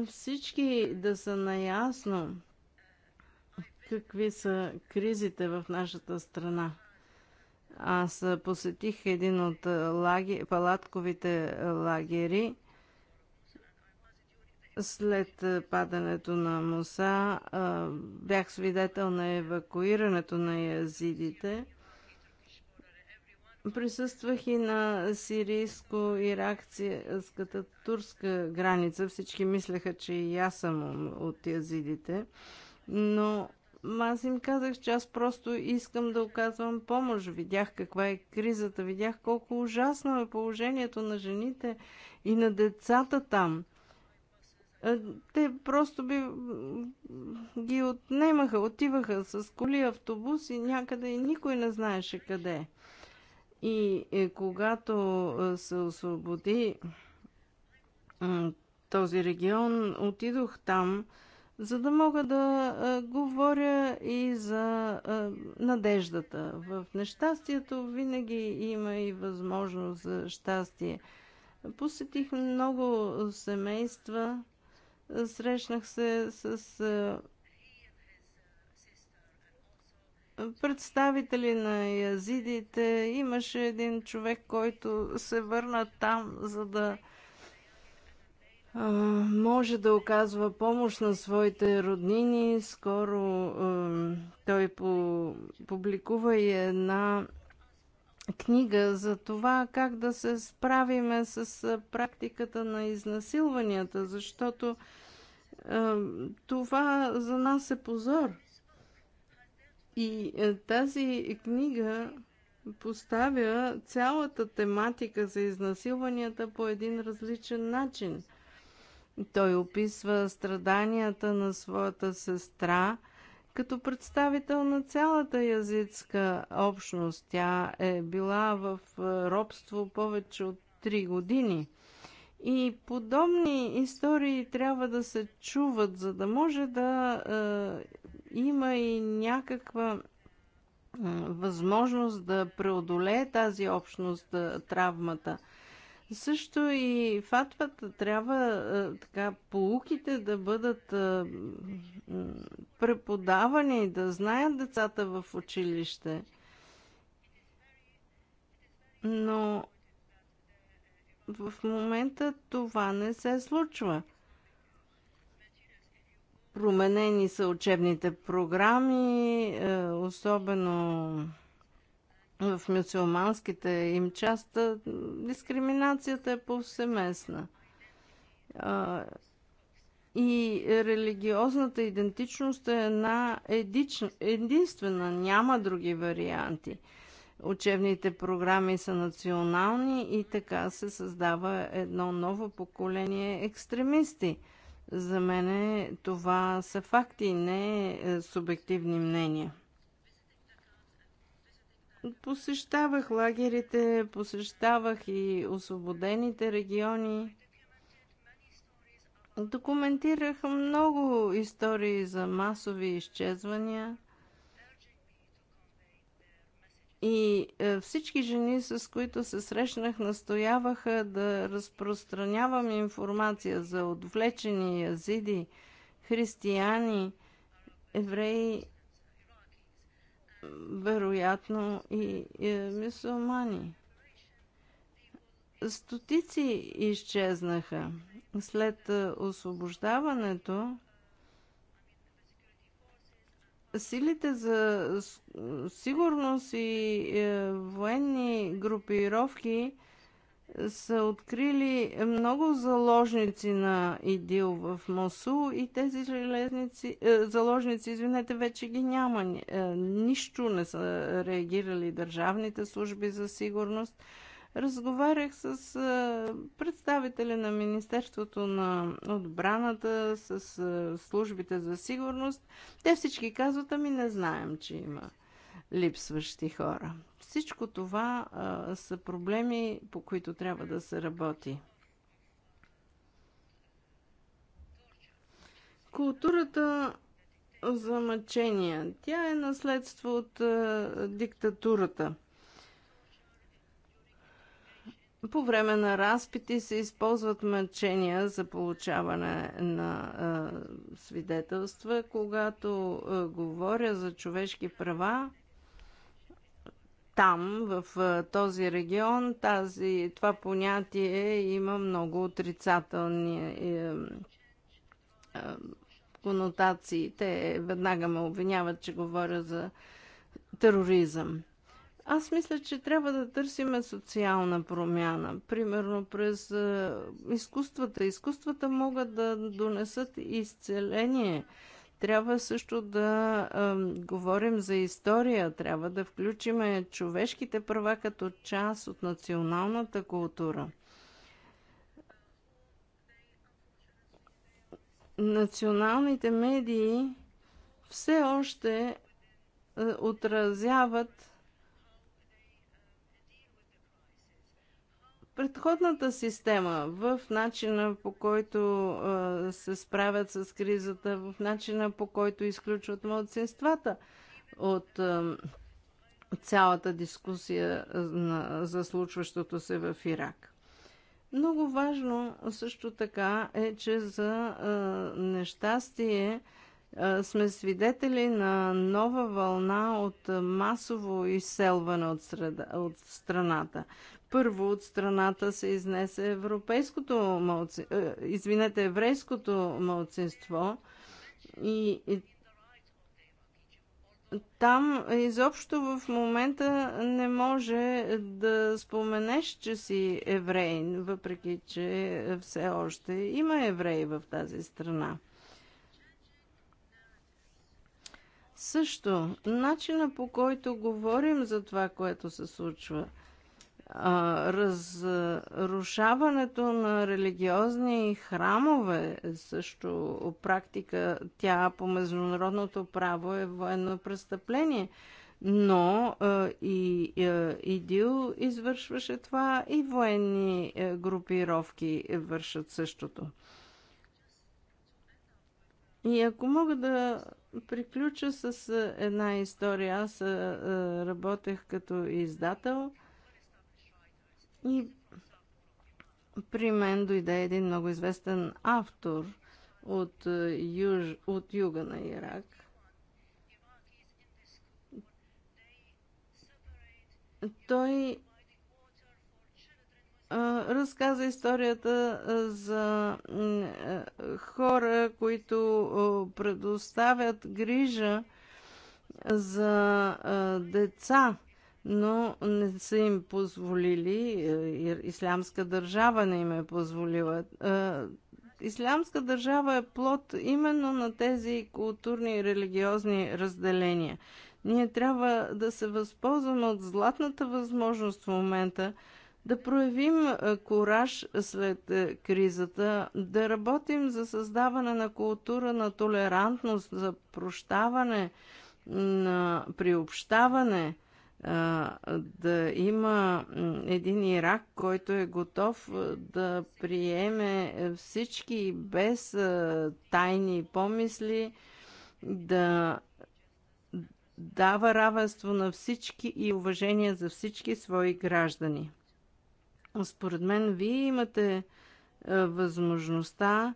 всички да са наясно, какви са кризите в нашата страна. Аз посетих един от лаги, палатковите лагери. След падането на Муса бях свидетел на евакуирането на язидите. Присъствах и на сирийско-иракската турска граница. Всички мислеха, че и аз съм от язидите. Но аз им казах, че аз просто искам да оказвам помощ. Видях каква е кризата, видях колко ужасно е положението на жените и на децата там. Те просто би ги отнемаха, отиваха с коли, автобус и някъде и никой не знаеше къде. И е, когато се освободи този регион, отидох там за да мога да говоря и за надеждата. В нещастието винаги има и възможност за щастие. Посетих много семейства, срещнах се с представители на язидите. Имаше един човек, който се върна там, за да може да оказва помощ на своите роднини. Скоро той по, публикува и една книга за това как да се справиме с практиката на изнасилванията, защото това за нас е позор. И е, тази книга поставя цялата тематика за изнасилванията по един различен начин – той описва страданията на своята сестра като представител на цялата язитска общност. Тя е била в е, робство повече от 3 години. И подобни истории трябва да се чуват, за да може да е, има и някаква е, възможност да преодолее тази общност е, травмата. Също и фатвата трябва така, полуките да бъдат преподавани, да знаят децата в училище. Но в момента това не се случва. Променени са учебните програми, е, особено в мюсюлманските им част, дискриминацията е повсеместна. И религиозната идентичност е една единствена, няма други варианти. Учебните програми са национални и така се създава едно ново поколение екстремисти. За мен това са факти, не е, е, субективни мнения. Посещавах лагерите, посещавах и освободените региони. Документирах много истории за масови изчезвания. И е, всички жени, с които се срещнах, настояваха да разпространявам информация за отвлечени язиди, християни, евреи вероятно и, и е, мисулмани. Стотици изчезнаха. След е, освобождаването силите за сигурност и е, военни групировки са открили много заложници на ИДИЛ в Мосул и тези железници, е, заложници, извинете, вече ги няма. Е, нищо не са реагирали държавните служби за сигурност. Разговарях с е, представители на Министерството на отбраната, с е, службите за сигурност. Те всички казват, ами не знаем, че има липсващи хора. Всичко това а, са проблеми, по които трябва да се работи. Културата за мъчения. Тя е наследство от а, диктатурата. По време на разпити се използват мъчения за получаване на а, свидетелства. Когато а, говоря за човешки права, там, в този регион, тази, това понятие има много отрицателни е, е, конотации. Те веднага ме обвиняват, че говоря за тероризъм. Аз мисля, че трябва да търсиме социална промяна. Примерно през е, изкуствата. Изкуствата могат да донесат изцеление. Е, трябва също да а, говорим за история, трябва да включиме човешките права като част от националната култура. Националните медии все още е, отразяват предходната система, в начина по който а, се справят с кризата, в начина по който изключват младсинствата от а, цялата дискусия на, за случващото се в Ирак. Много важно също така е, че за а, нещастие а, сме свидетели на нова вълна от масово изселване от, среда, от страната. Първо от страната се изнесе европейското малци... Е, извинете, еврейското малцинство и, и там изобщо в момента не може да споменеш, че си еврей, въпреки че все още има евреи в тази страна. Също, начина по който говорим за това, което се случва – разрушаването на религиозни храмове също практика, тя по международното право е военно престъпление. Но и ИДИЛ извършваше това, и военни групировки вършат същото. И ако мога да приключа с една история, аз работех като издател и при мен дойде един много известен автор от, е, юж, от юга на Ирак. Той е, разказа историята е, за хора, които предоставят грижа за деца но не са им позволили, е, ислямска държава не им е позволила. Е, ислямска държава е плод именно на тези културни и религиозни разделения. Ние трябва да се възползваме от златната възможност в момента да проявим е, кураж след кризата, да работим за създаване на култура на толерантност, за прощаване, на приобщаване – да има един Ирак, който е готов да приеме всички без тайни помисли, да дава равенство на всички и уважение за всички свои граждани. Според мен, вие имате възможността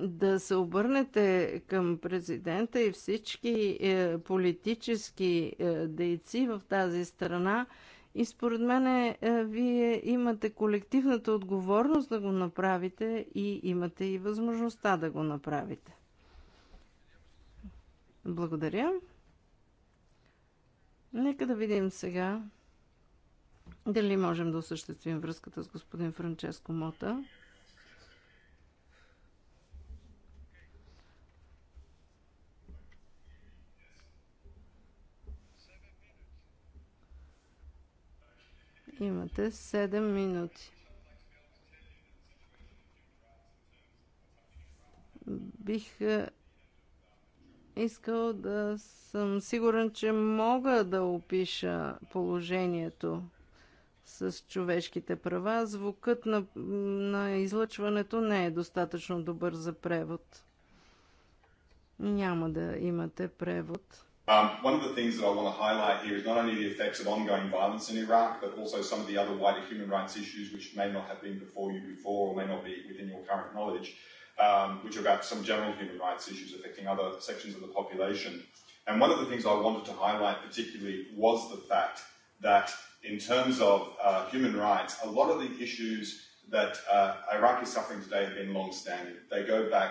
да се обърнете към президента и всички е, политически е, дейци в тази страна. И според мен е, вие имате колективната отговорност да го направите и имате и възможността да го направите. Благодаря. Нека да видим сега дали можем да осъществим връзката с господин Франческо Мота. Имате 7 минути. Бих е, искал да съм сигурен, че мога да опиша положението с човешките права. Звукът на, на излъчването не е достатъчно добър за превод. Няма да имате превод. Um, one of the things that I want to highlight here is not only the effects of ongoing violence in Iraq, but also some of the other wider human rights issues which may not have been before you before or may not be within your current knowledge, um, which are about some general human rights issues affecting other sections of the population. And one of the things I wanted to highlight particularly was the fact that in terms of uh, human rights, a lot of the issues that uh, Iraq is suffering today have been long-standing. They go back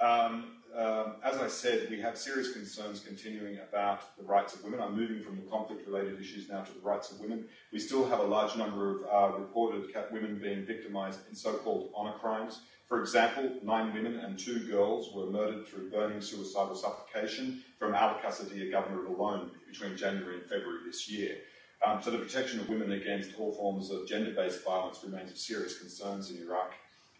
Um, um, as I said, we have serious concerns continuing about the rights of women. I'm moving from the conflict-related issues now to the rights of women. We still have a large number of uh, reported women being victimized in so-called honor crimes. For example, nine women and two girls were murdered through burning, suicide, or suffocation from Al-Qasadiya government alone between January and February this year. Um, so the protection of women against all forms of gender-based violence remains of serious concerns in Iraq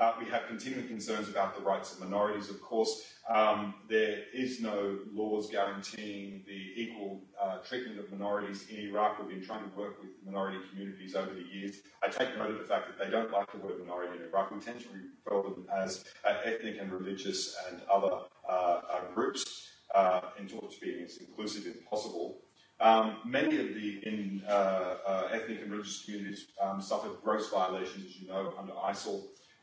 Uh, we have continuing concerns about the rights of minorities, of course. Um, there is no laws guaranteeing the equal uh, treatment of minorities in Iraq. We've been trying to work with minority communities over the years. I take note of the fact that they don't like the word minority in Iraq. We tend to refer to them as uh, ethnic and religious and other uh, uh, groups uh, in talk to being as inclusive as possible. Um, many of the in, uh, uh, ethnic and religious communities um, suffered gross violations, as you know, under ISIL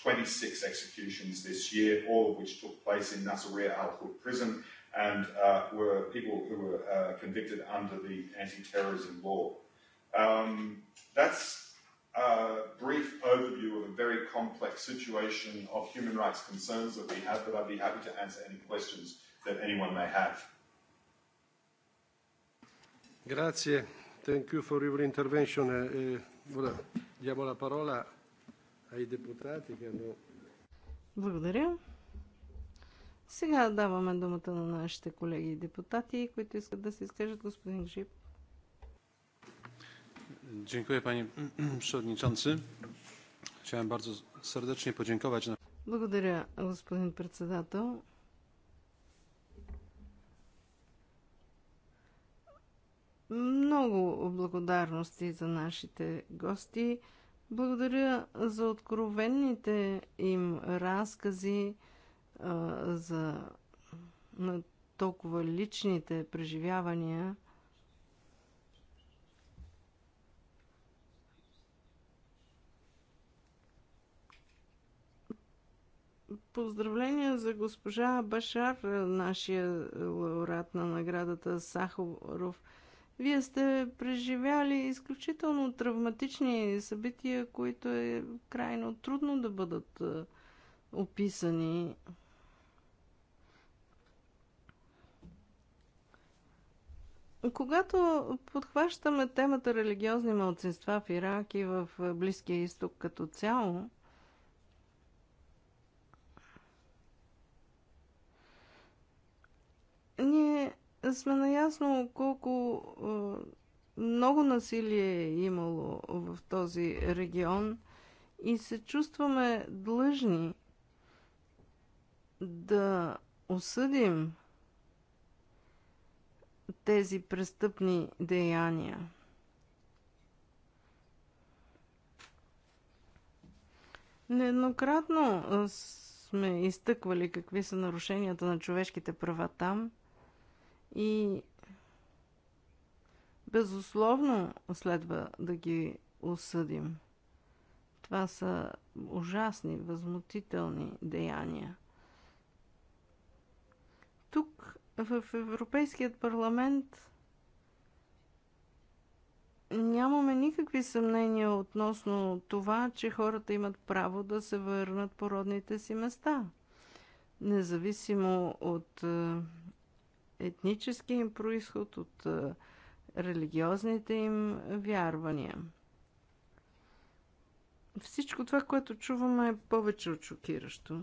26 executions this year, all of which took place in Nasiriyah Al Hood prison and uh, were people who were uh, convicted under the anti terrorism law. Um, that's a brief overview of a very complex situation of human rights concerns that we have, but I'd be happy to answer any questions that anyone may have. Grazie, thank you for your intervention. Uh, uh, diamo la parola ai депутати, но... Благодаря. Сега даваме думата на нашите колеги и депутати, които искат да се изкажат. Господин Дякую, пани panie przewodniczący. Chciałem bardzo serdecznie на... Благодаря, господин председател. Много благодарности за нашите гости. Благодаря за откровенните им разкази а, за на толкова личните преживявания. Поздравления за госпожа Башар, нашия лауреат на наградата Сахаров – вие сте преживяли изключително травматични събития, които е крайно трудно да бъдат е, описани. Когато подхващаме темата религиозни младсинства в Ирак и в е, Близкия изток като цяло, ние сме наясно колко много насилие е имало в този регион и се чувстваме длъжни да осъдим тези престъпни деяния. Нееднократно сме изтъквали какви са нарушенията на човешките права там – и безусловно следва да ги осъдим. Това са ужасни, възмутителни деяния. Тук в Европейският парламент нямаме никакви съмнения относно това, че хората имат право да се върнат по родните си места. Независимо от е, етническия им происход, от религиозните им вярвания. Всичко това, което чуваме, е повече от шокиращо.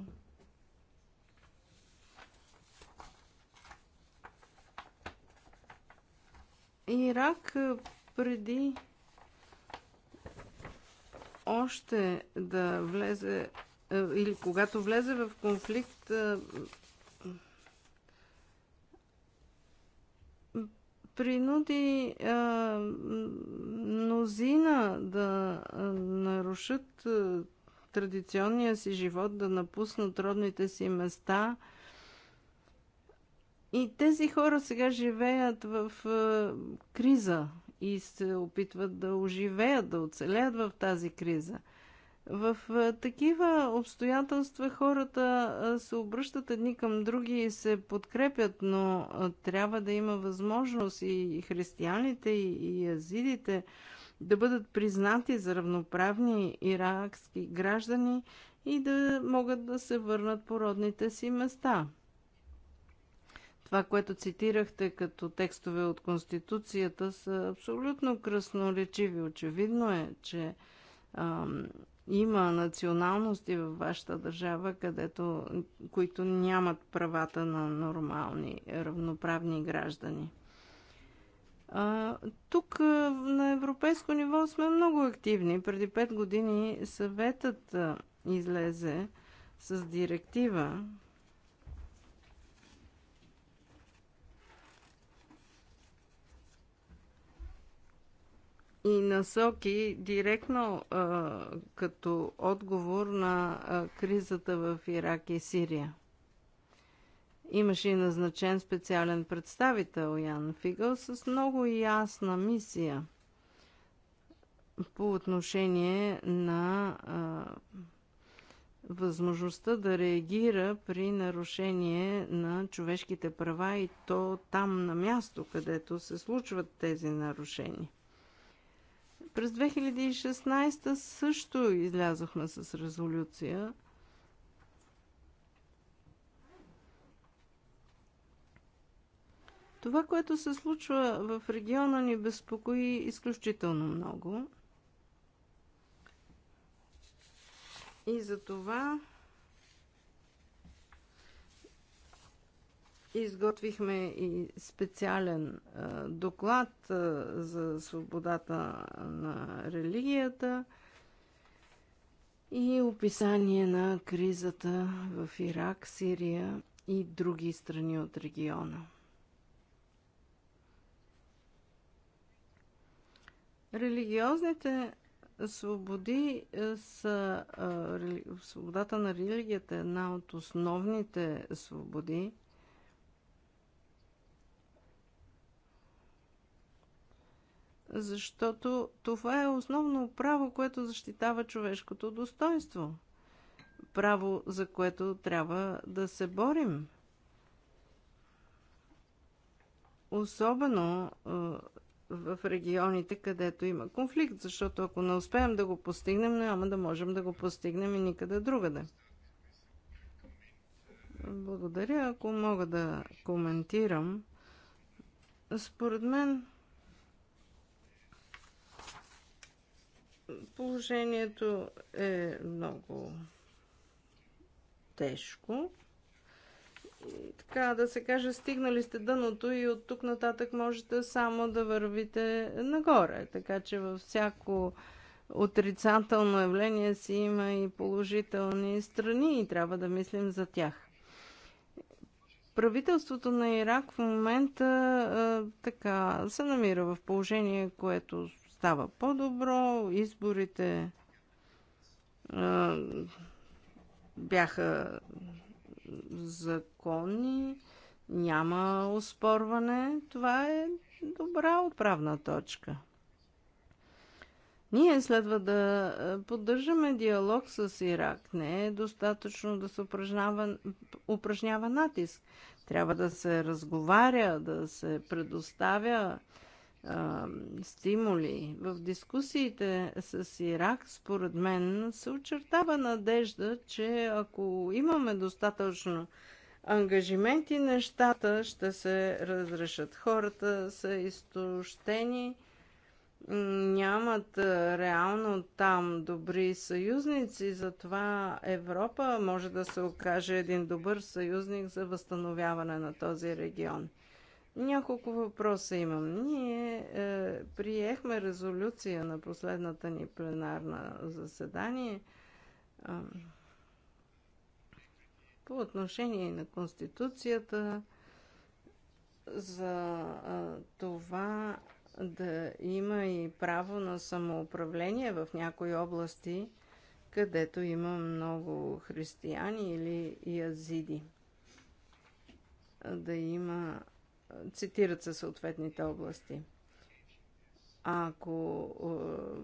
Ирак преди още да влезе или когато влезе в конфликт принуди а, мнозина да нарушат а, традиционния си живот, да напуснат родните си места. И тези хора сега живеят в а, криза и се опитват да оживеят, да оцелеят в тази криза – в такива обстоятелства хората се обръщат едни към други и се подкрепят, но трябва да има възможност и християните, и язидите да бъдат признати за равноправни иракски граждани и да могат да се върнат по родните си места. Това, което цитирахте като текстове от Конституцията, са абсолютно красноречиви. Очевидно е, че има националности във вашата държава, където, които нямат правата на нормални, равноправни граждани. А, тук на европейско ниво сме много активни. Преди 5 години съветът излезе с директива, и насоки директно а, като отговор на а, кризата в Ирак и Сирия. Имаше и назначен специален представител Ян Фигъл с много ясна мисия по отношение на а, възможността да реагира при нарушение на човешките права и то там на място, където се случват тези нарушения. През 2016 също излязохме с резолюция. Това, което се случва в региона, ни безпокои изключително много. И за това Изготвихме и специален доклад за свободата на религията и описание на кризата в Ирак, Сирия и други страни от региона. Религиозните свободи са. Свободата на религията е една от основните свободи. защото това е основно право, което защитава човешкото достоинство. Право, за което трябва да се борим. Особено в регионите, където има конфликт, защото ако не успеем да го постигнем, няма да можем да го постигнем и никъде другаде. Благодаря, ако мога да коментирам. Според мен, Положението е много тежко. Така да се каже, стигнали сте дъното и от тук нататък можете само да вървите нагоре. Така че във всяко отрицателно явление си има и положителни страни и трябва да мислим за тях. Правителството на Ирак в момента а, така се намира в положение, което става по-добро, изборите а, бяха законни, няма оспорване. Това е добра отправна точка. Ние следва да поддържаме диалог с Ирак. Не е достатъчно да се упражнява, упражнява натиск. Трябва да се разговаря, да се предоставя стимули. В дискусиите с Ирак, според мен, се очертава надежда, че ако имаме достатъчно ангажименти, нещата ще се разрешат. Хората са изтощени, нямат реално там добри съюзници, затова Европа може да се окаже един добър съюзник за възстановяване на този регион. Няколко въпроса имам. Ние е, приехме резолюция на последната ни пленарна заседание е, по отношение на Конституцията за е, това да има и право на самоуправление в някои области, където има много християни или язиди. Да има цитират се съответните области. А ако е,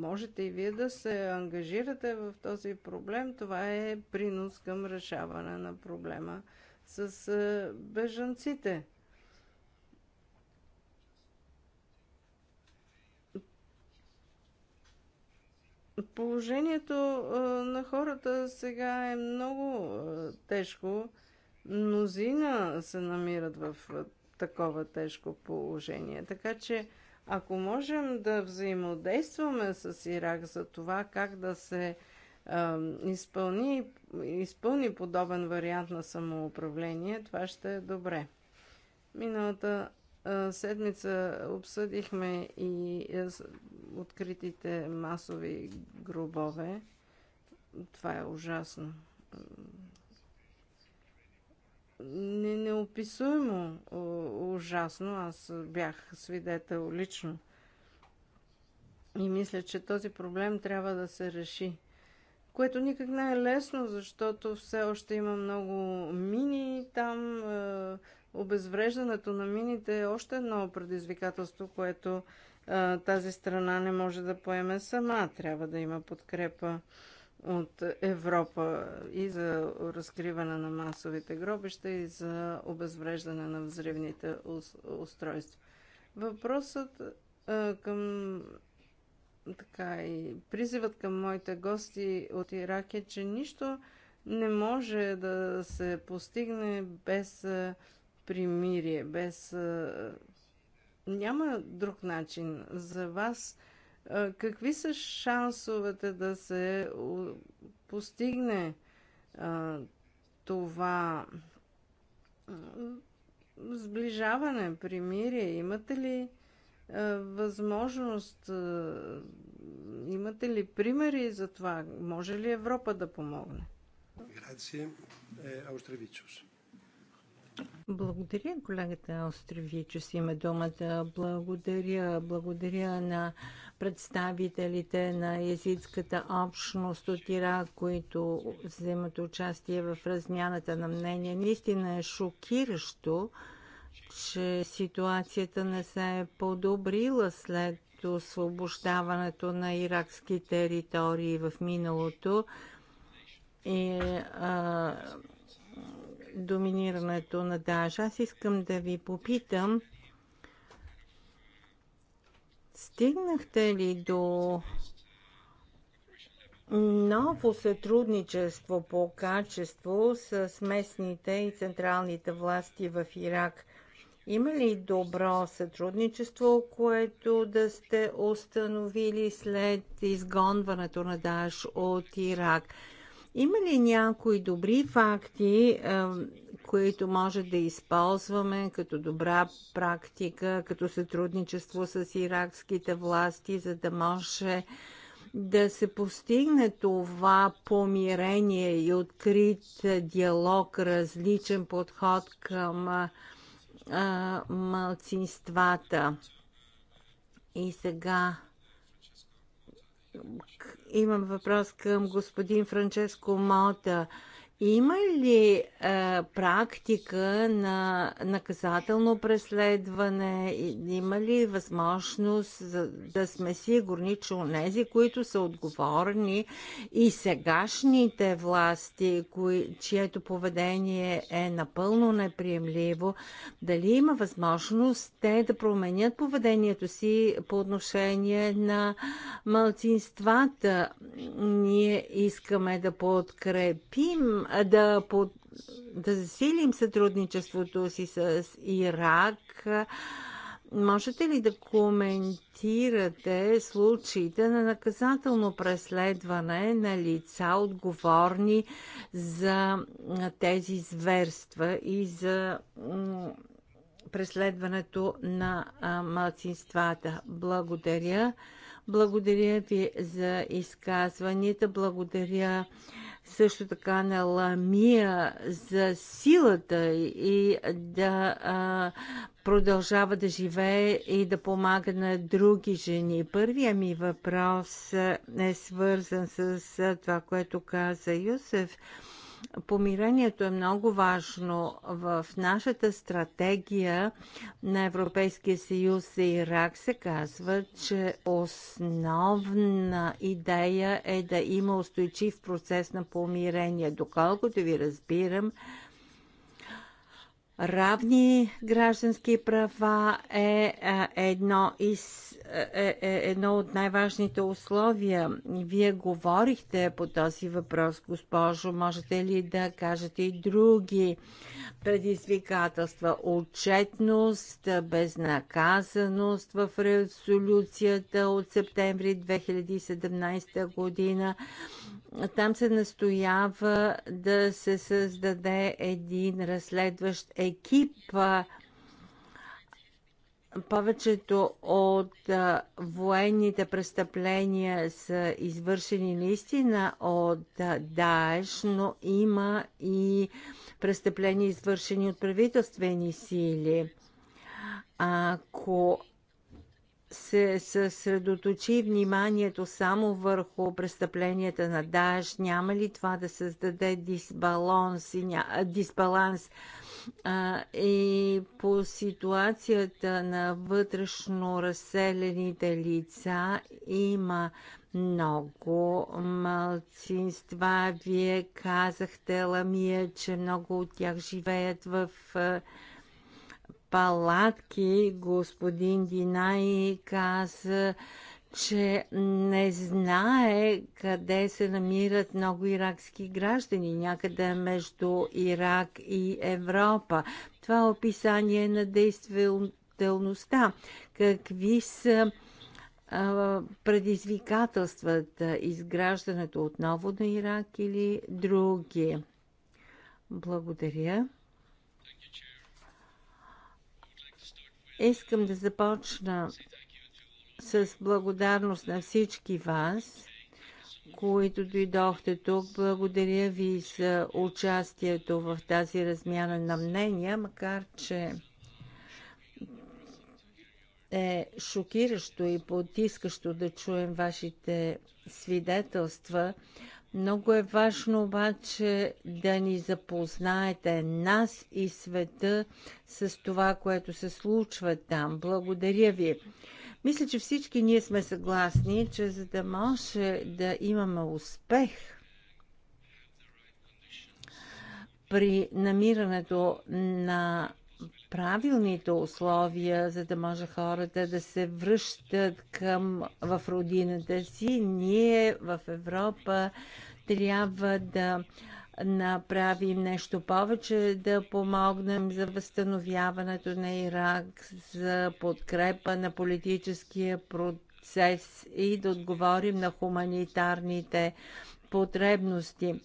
можете и вие да се ангажирате в този проблем, това е принос към решаване на проблема с е, бежанците. Положението е, на хората сега е много тежко. Мнозина се намират в такова тежко положение. Така че, ако можем да взаимодействаме с Ирак за това как да се изпълни, изпълни подобен вариант на самоуправление, това ще е добре. Миналата седмица обсъдихме и откритите масови гробове. Това е ужасно не, неописуемо ужасно. Аз бях свидетел лично. И мисля, че този проблем трябва да се реши. Което никак не е лесно, защото все още има много мини там. Е, обезвреждането на мините е още едно предизвикателство, което е, тази страна не може да поеме сама. Трябва да има подкрепа от Европа и за разкриване на масовите гробища и за обезвреждане на взривните устройства. Въпросът към така и призивът към моите гости от Ирак е, че нищо не може да се постигне без примирие, без... Няма друг начин. За вас Какви са шансовете да се постигне това сближаване, примирие? Имате ли възможност, имате ли примери за това? Може ли Европа да помогне? Е, благодаря, колегата Остревичус има думата. Благодаря, благодаря на представителите на езитската общност от Ирак, които вземат участие в размяната на мнение. Наистина е шокиращо, че ситуацията не се е подобрила след освобождаването на иракски територии в миналото и а, доминирането на Даш. Аз искам да ви попитам Стигнахте ли до ново сътрудничество по качество с местните и централните власти в Ирак? Има ли добро сътрудничество, което да сте установили след изгонването на Даш от Ирак? Има ли някои добри факти които може да използваме като добра практика, като сътрудничество с иракските власти, за да може да се постигне това помирение и открит диалог, различен подход към а, малцинствата. И сега имам въпрос към господин Франческо Мота. Има ли е, практика на наказателно преследване? Има ли възможност за, да сме сигурни, че онези, които са отговорни и сегашните власти, кои, чието поведение е напълно неприемливо, дали има възможност те да променят поведението си по отношение на малцинствата? Ние искаме да подкрепим да, по, да засилим сътрудничеството си с Ирак. Можете ли да коментирате случаите на наказателно преследване на лица, отговорни за тези зверства и за преследването на младсинствата? Благодаря. Благодаря ви за изказванията. Благодаря също така на Ламия за силата и да а, продължава да живее и да помага на други жени. Първия ми въпрос е свързан с това, което каза Юсеф. Помирението е много важно. В нашата стратегия на Европейския съюз и Ирак се казва, че основна идея е да има устойчив процес на помирение. Доколкото ви разбирам, равни граждански права е, е едно из е, е едно от най-важните условия. Вие говорихте по този въпрос, госпожо. Можете ли да кажете и други предизвикателства? Отчетност, безнаказаност в резолюцията от септември 2017 година. Там се настоява да се създаде един разследващ екип повечето от военните престъпления са извършени наистина от Даеш, но има и престъпления, извършени от правителствени сили. Ако се съсредоточи вниманието само върху престъпленията на Даеш, няма ли това да създаде дисбаланс, дисбаланс а, и по ситуацията на вътрешно разселените лица има много малцинства. Вие казахте, Ламия, че много от тях живеят в палатки. Господин Динай каза, че не знае къде се намират много иракски граждани, някъде между Ирак и Европа. Това е описание на действителността. Какви са а, предизвикателствата, изграждането отново на Ирак или други? Благодаря. Искам да започна с благодарност на всички вас, които дойдохте тук. Благодаря ви за участието в тази размяна на мнения, макар че е шокиращо и потискащо да чуем вашите свидетелства. Много е важно обаче да ни запознаете нас и света с това, което се случва там. Благодаря ви. Мисля, че всички ние сме съгласни, че за да може да имаме успех при намирането на правилните условия, за да може хората да се връщат към в родината си, ние в Европа трябва да направим нещо повече, да помогнем за възстановяването на Ирак, за подкрепа на политическия процес и да отговорим на хуманитарните потребности.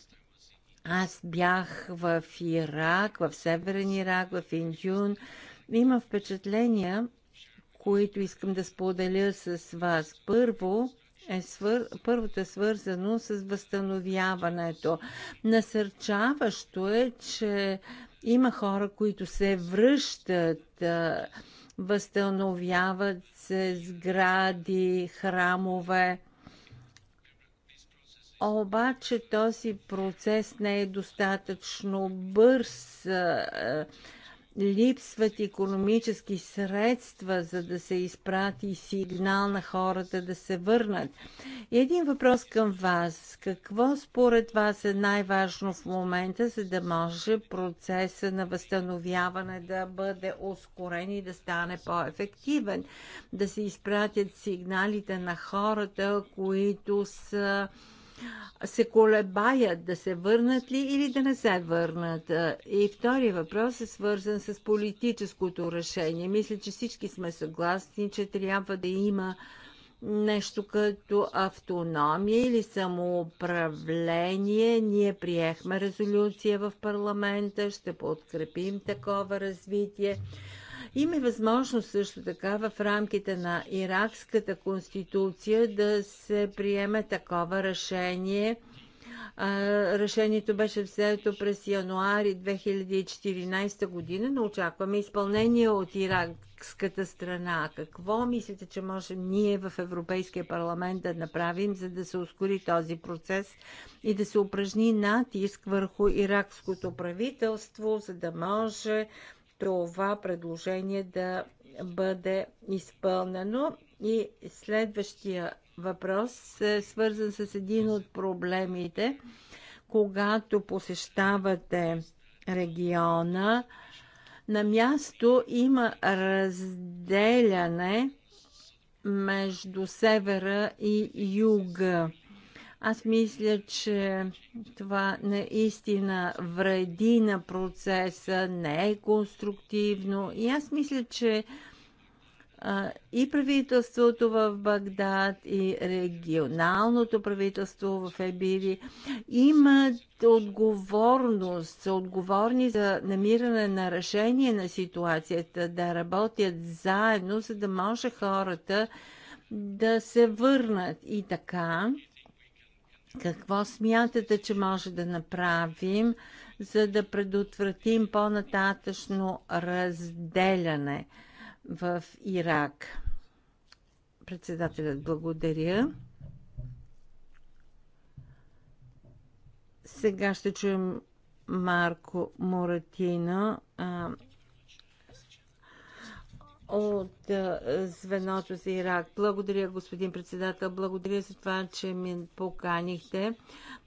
Аз бях в Ирак, в Северен Ирак, в Индюн. Има впечатления, които искам да споделя с вас. Първо, е свър... първото е свързано с възстановяването. Насърчаващо е, че има хора, които се връщат, възстановяват се сгради, храмове. Обаче този процес не е достатъчно бърз липсват економически средства, за да се изпрати сигнал на хората да се върнат. И един въпрос към вас. Какво според вас е най-важно в момента, за да може процеса на възстановяване да бъде ускорен и да стане по-ефективен? Да се изпратят сигналите на хората, които са се колебаят да се върнат ли или да не се върнат. И втори въпрос е свързан с политическото решение. Мисля, че всички сме съгласни, че трябва да има нещо като автономия или самоуправление. Ние приехме резолюция в парламента, ще подкрепим такова развитие. Има е възможност също така в рамките на иракската конституция да се приеме такова решение. Решението беше взето през януари 2014 година, но очакваме изпълнение от иракската страна. Какво мислите, че можем ние в Европейския парламент да направим, за да се ускори този процес и да се упражни натиск върху иракското правителство, за да може това предложение да бъде изпълнено. И следващия въпрос е свързан с един от проблемите. Когато посещавате региона, на място има разделяне между севера и юга. Аз мисля, че това наистина вреди на процеса, не е конструктивно. И аз мисля, че и правителството в Багдад, и регионалното правителство в Ебири имат отговорност, са отговорни за намиране на решение на ситуацията, да работят заедно, за да може хората да се върнат. И така, какво смятате, че може да направим, за да предотвратим по-нататъчно разделяне в Ирак? Председателят благодаря. Сега ще чуем Марко Моратино, от звеното за Ирак. Благодаря, господин председател. Благодаря за това, че ми поканихте.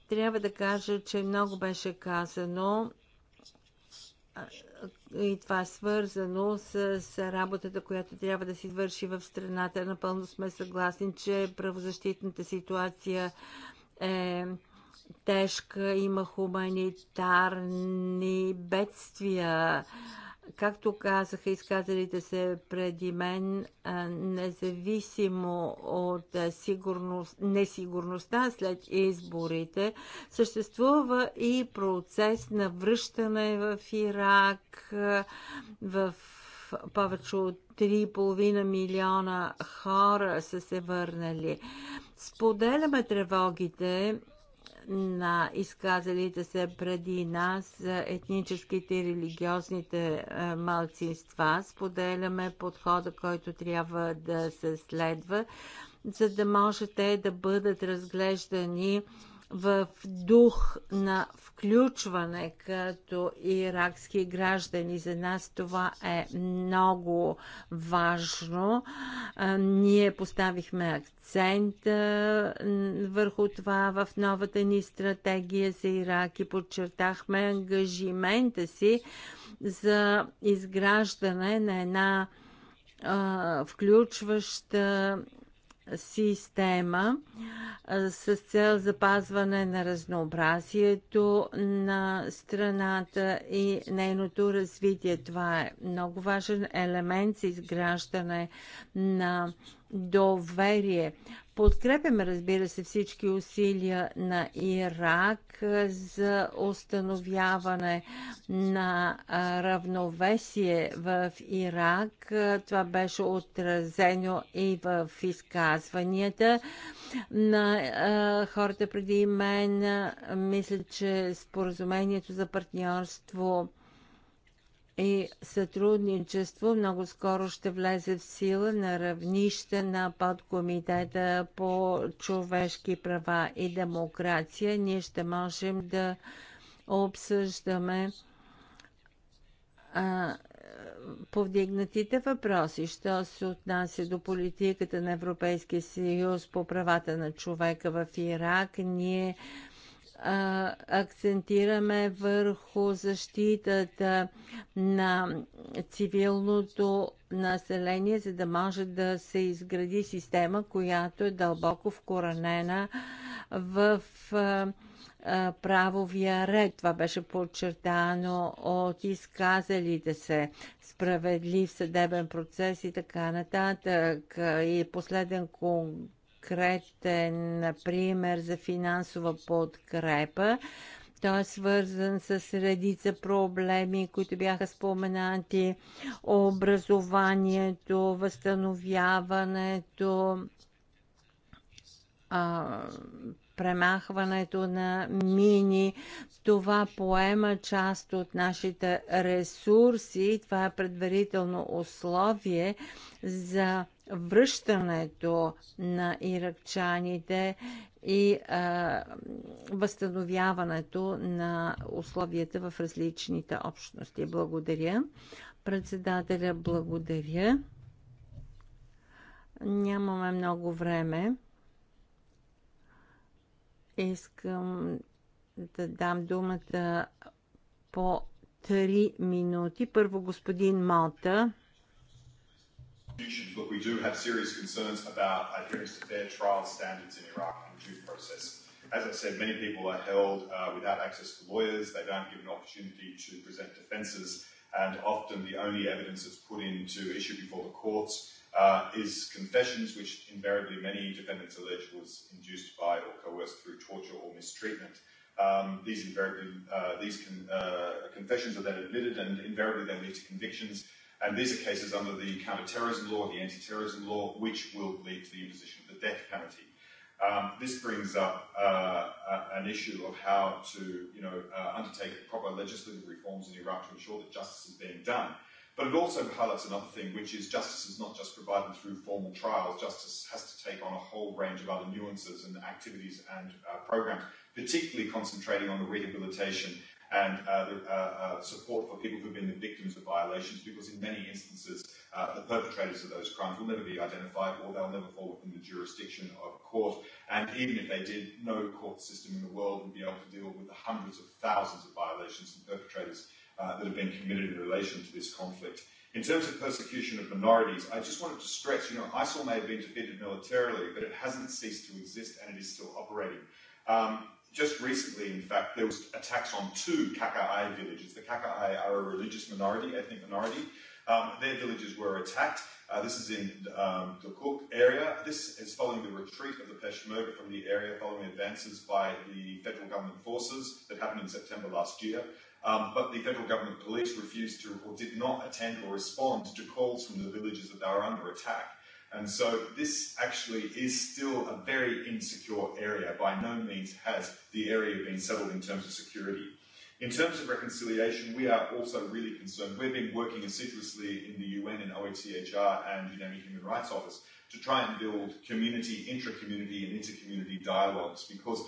Трябва да кажа, че много беше казано и това е свързано с, с работата, която трябва да се извърши в страната. Напълно сме съгласни, че правозащитната ситуация е тежка, има хуманитарни бедствия Както казаха изказалите се преди мен, независимо от сигурност, несигурността след изборите, съществува и процес на връщане в Ирак, в повече от 3,5 милиона хора са се върнали. Споделяме тревогите на изказалите се преди нас етническите и религиозните е, малцинства. Споделяме подхода, който трябва да се следва, за да можете да бъдат разглеждани в дух на включване като иракски граждани. За нас това е много важно. Ние поставихме акцент върху това в новата ни стратегия за Ирак и подчертахме ангажимента си за изграждане на една включваща система с цел запазване на разнообразието на страната и нейното развитие. Това е много важен елемент за изграждане на доверие. Подкрепяме, разбира се, всички усилия на Ирак за установяване на равновесие в Ирак. Това беше отразено и в изказванията на хората преди мен. Мисля, че споразумението за партньорство и сътрудничество много скоро ще влезе в сила на равнище на подкомитета по човешки права и демокрация. Ние ще можем да обсъждаме а, повдигнатите въпроси, що се отнася до политиката на Европейския съюз по правата на човека в Ирак. Ние а, акцентираме върху защитата на цивилното население, за да може да се изгради система, която е дълбоко вкоренена в а, правовия ред. Това беше подчертано от изказалите се справедлив съдебен процес и така нататък. И последен кон конкретен, например, за финансова подкрепа. Той е свързан с редица проблеми, които бяха споменати. Образованието, възстановяването, а, премахването на мини. Това поема част от нашите ресурси. Това е предварително условие за връщането на иракчаните и а, възстановяването на условията в различните общности. Благодаря. Председателя, благодаря. Нямаме много време. Искам да дам думата по 3 минути. Първо господин Малта. Look, we do have serious concerns about adherence to fair trial standards in Iraq and due process. As I said, many people are held uh, without access to lawyers. They don't give an opportunity to present defences, and often the only evidence that's put into issue before the courts uh, is confessions, which invariably many defendants allege was induced by or coerced through torture or mistreatment. Um, these invariably, uh, these con- uh, confessions are then admitted and invariably they lead to convictions. And these are cases under the counterterrorism law, the anti-terrorism law, which will lead to the imposition of the death penalty. Um, this brings up uh, an issue of how to, you know, uh, undertake proper legislative reforms in Iraq to ensure that justice is being done. Uh, But it also highlights another thing, which is justice is not just provided through formal trials. Justice has to take on a whole range of other nuances and activities and uh, programs, particularly concentrating on the rehabilitation and uh, the uh, uh, support for people who've been the victims of violations, because in many instances, uh, the perpetrators of those crimes will never be identified or they'll never fall within the jurisdiction of a court. And even if they did, no court system in the world would be able to deal with the hundreds of thousands of violations and perpetrators that have been committed in relation to this conflict. In terms of persecution of minorities, I just wanted to stress, you know, ISIL may have been defeated militarily, but it hasn't ceased to exist and it is still operating. Um, just recently, in fact, there was attacks on two Kaka'ai villages. The Kaka'ai are a religious minority, ethnic minority. Um, their villages were attacked. Uh, this is in um, the Cook area. This is following the retreat of the Peshmerga from the area following advances by the federal government forces that happened in September last year. Um, but the federal government police refused to, or did not attend or respond to calls from the villages that they were under attack. And so this actually is still a very insecure area. By no means has the area been settled in terms of security. In terms of reconciliation, we are also really concerned. We've been working assiduously in the UN and OHCHR and UNAMI Human Rights Office to try and build community, intra-community and inter-community dialogues because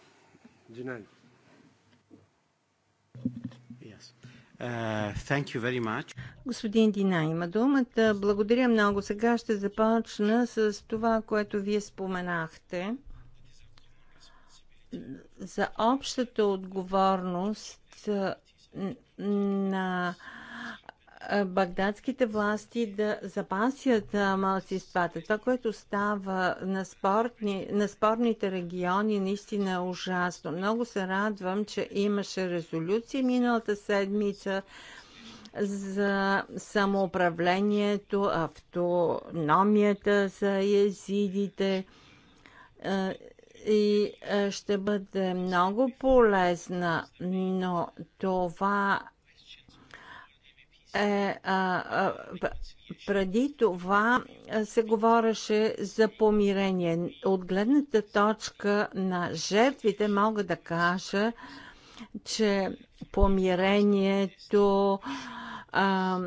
Ginan. Yes. Uh, thank you very much. Господин Дина има думата. Благодаря много. Сега ще започна с това, което вие споменахте за общата отговорност на багдадските власти да запасят малцинствата. Това, което става на, спортни, на спорните региони, наистина е ужасно. Много се радвам, че имаше резолюции миналата седмица за самоуправлението, автономията за езидите и ще бъде много полезна, но това е, а, а, преди това се говореше за помирение. От гледната точка на жертвите мога да кажа, че помирението а,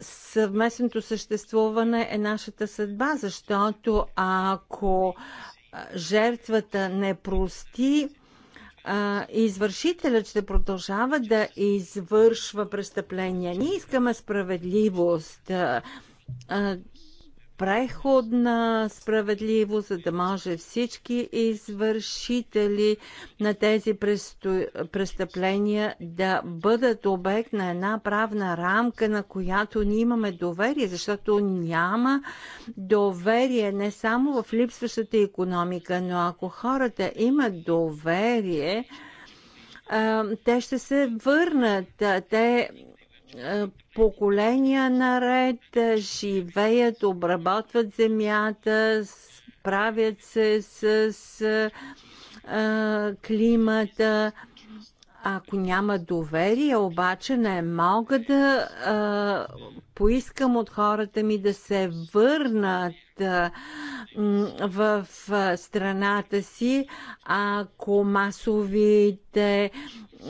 съвместното съществуване е нашата съдба, защото ако жертвата не прости, а, извършителят ще продължава да извършва престъпления. Ние искаме справедливост. А, а, преходна справедливост, за да може всички извършители на тези престъпления да бъдат обект на една правна рамка, на която ние имаме доверие, защото няма доверие не само в липсващата економика, но ако хората имат доверие, те ще се върнат. Те е, поколения наред е, живеят, обработват земята, справят се с, а, е, климата. Ако няма доверие, обаче не мога да а, поискам от хората ми да се върнат в страната си, ако масовите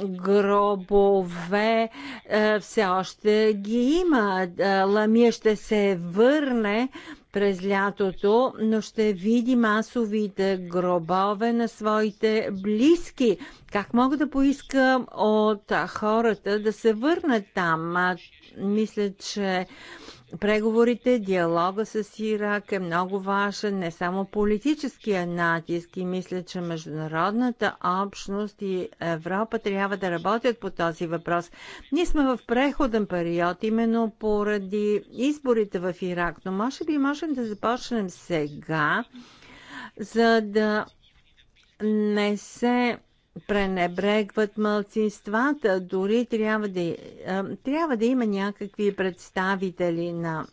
гробове е, все още ги има. Е, Ламия ще се върне през лятото, но ще види масовите гробове на своите близки. Как мога да поискам от хората да се върнат там? Мисля, че преговорите, диалога с Ирак е много важен, не само политическия натиск и мисля, че международната общност и Европа трябва да работят по този въпрос. Ние сме в преходен период, именно поради изборите в Ирак, но може би можем да започнем сега, за да не се пренебрегват мълцинствата, дори трябва да, трябва да има някакви представители на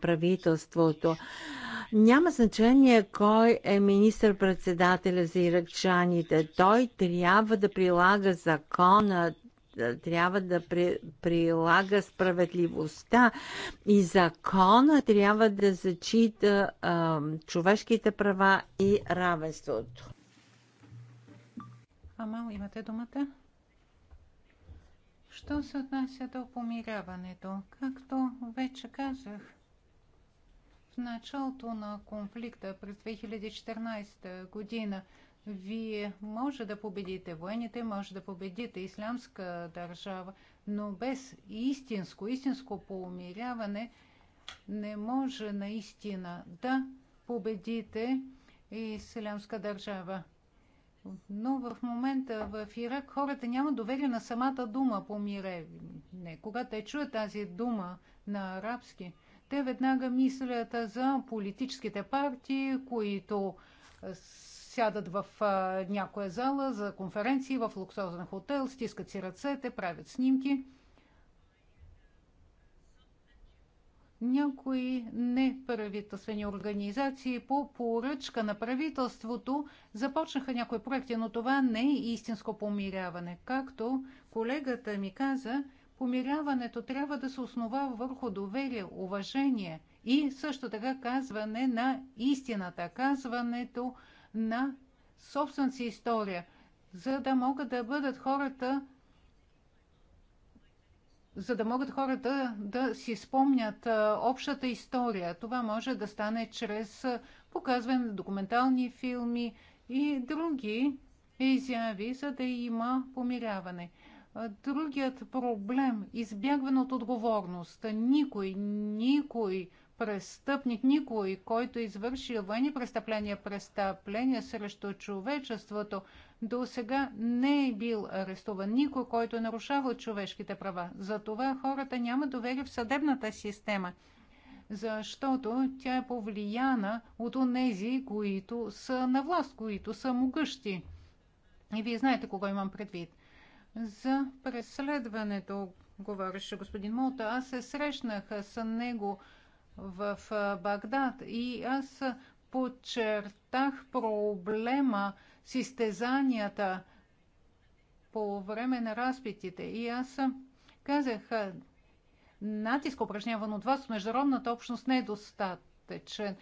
правителството. Няма значение кой е министър-председателя за иракчаните. Той трябва да прилага закона, трябва да при, прилага справедливостта и закона трябва да зачита а, човешките права и равенството. Амал, имате думата. Що се отнася до помиряването? Както вече казах, в началото на конфликта през 2014 година вие може да победите военните, може да победите ислямска държава, но без истинско, истинско помиряване не може наистина да победите ислямска държава. Но в момента в Ирак хората няма доверие на самата дума по мире. Не, когато те чуят тази дума на арабски, те веднага мислят за политическите партии, които сядат в някоя зала за конференции в луксозен хотел, стискат си ръцете, правят снимки – някои неправителствени организации по поръчка на правителството започнаха някои проекти, но това не е истинско помиряване. Както колегата ми каза, помиряването трябва да се основава върху доверие, уважение и също така казване на истината, казването на собствената си история, за да могат да бъдат хората за да могат хората да си спомнят общата история. Това може да стане чрез показване на документални филми и други изяви, за да има помиряване. Другият проблем – избягване от отговорност. Никой, никой престъпник, никой, който е извършил военни престъпления, престъпления срещу човечеството, до сега не е бил арестуван никой, който нарушава човешките права. Затова хората няма доверие в съдебната система, защото тя е повлияна от онези, които са на власт, които са могъщи. И вие знаете кого имам предвид. За преследването, говореше господин Молта, аз се срещнах с него в Багдад. И аз подчертах проблема с изтезанията по време на разпитите. И аз казах, натиск упражняван от вас в международната общност не е достатъчен.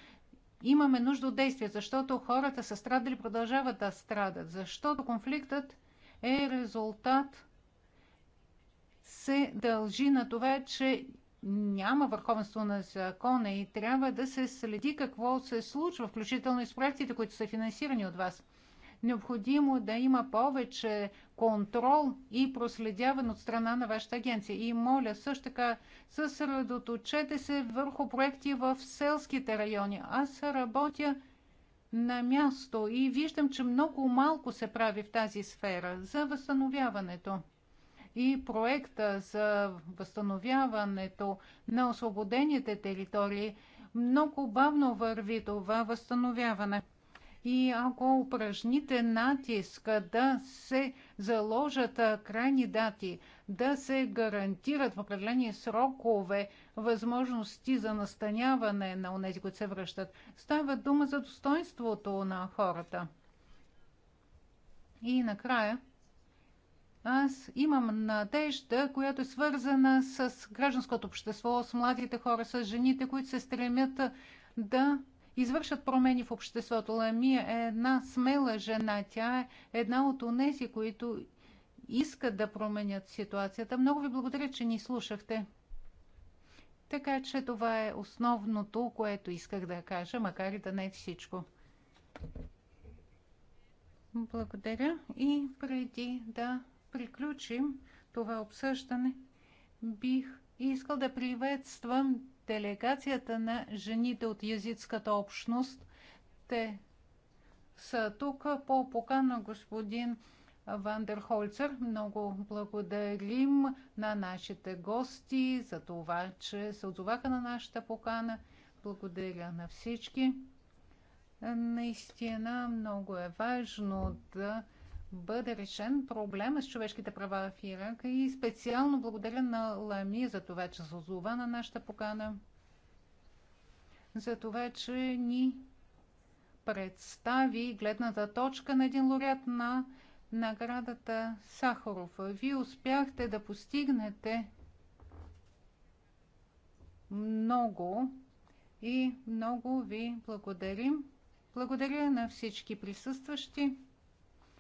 Имаме нужда от действия, защото хората са страдали, продължават да страдат, защото конфликтът е резултат се дължи на това, че няма върховенство на закона и трябва да се следи какво се случва, включително и с проектите, които са финансирани от вас. Необходимо да има повече контрол и проследяван от страна на вашата агенция. И моля също така, съсредоточете се върху проекти в селските райони. Аз работя на място и виждам, че много малко се прави в тази сфера за възстановяването и проекта за възстановяването на освободените територии, много бавно върви това възстановяване. И ако упражните натиск да се заложат крайни дати, да се гарантират в определени срокове възможности за настаняване на тези, които се връщат, става дума за достоинството на хората. И накрая – аз имам надежда, която е свързана с гражданското общество, с младите хора, с жените, които се стремят да извършат промени в обществото. Ламия е една смела жена. Тя е една от унези, които искат да променят ситуацията. Много ви благодаря, че ни слушахте. Така че това е основното, което исках да кажа, макар и да не е всичко. Благодаря. И преди да приключим това обсъждане, бих искал да приветствам делегацията на жените от язитската общност. Те са тук по покана на господин Вандерхолцер. Много благодарим на нашите гости за това, че се отзоваха на нашата покана. Благодаря на всички. Наистина много е важно да бъде решен проблема с човешките права в Ирак и специално благодаря на Лами за това, че се озова на нашата покана, за това, че ни представи гледната точка на един лауреат на наградата Сахаров. Вие успяхте да постигнете много и много ви благодарим. Благодаря на всички присъстващи.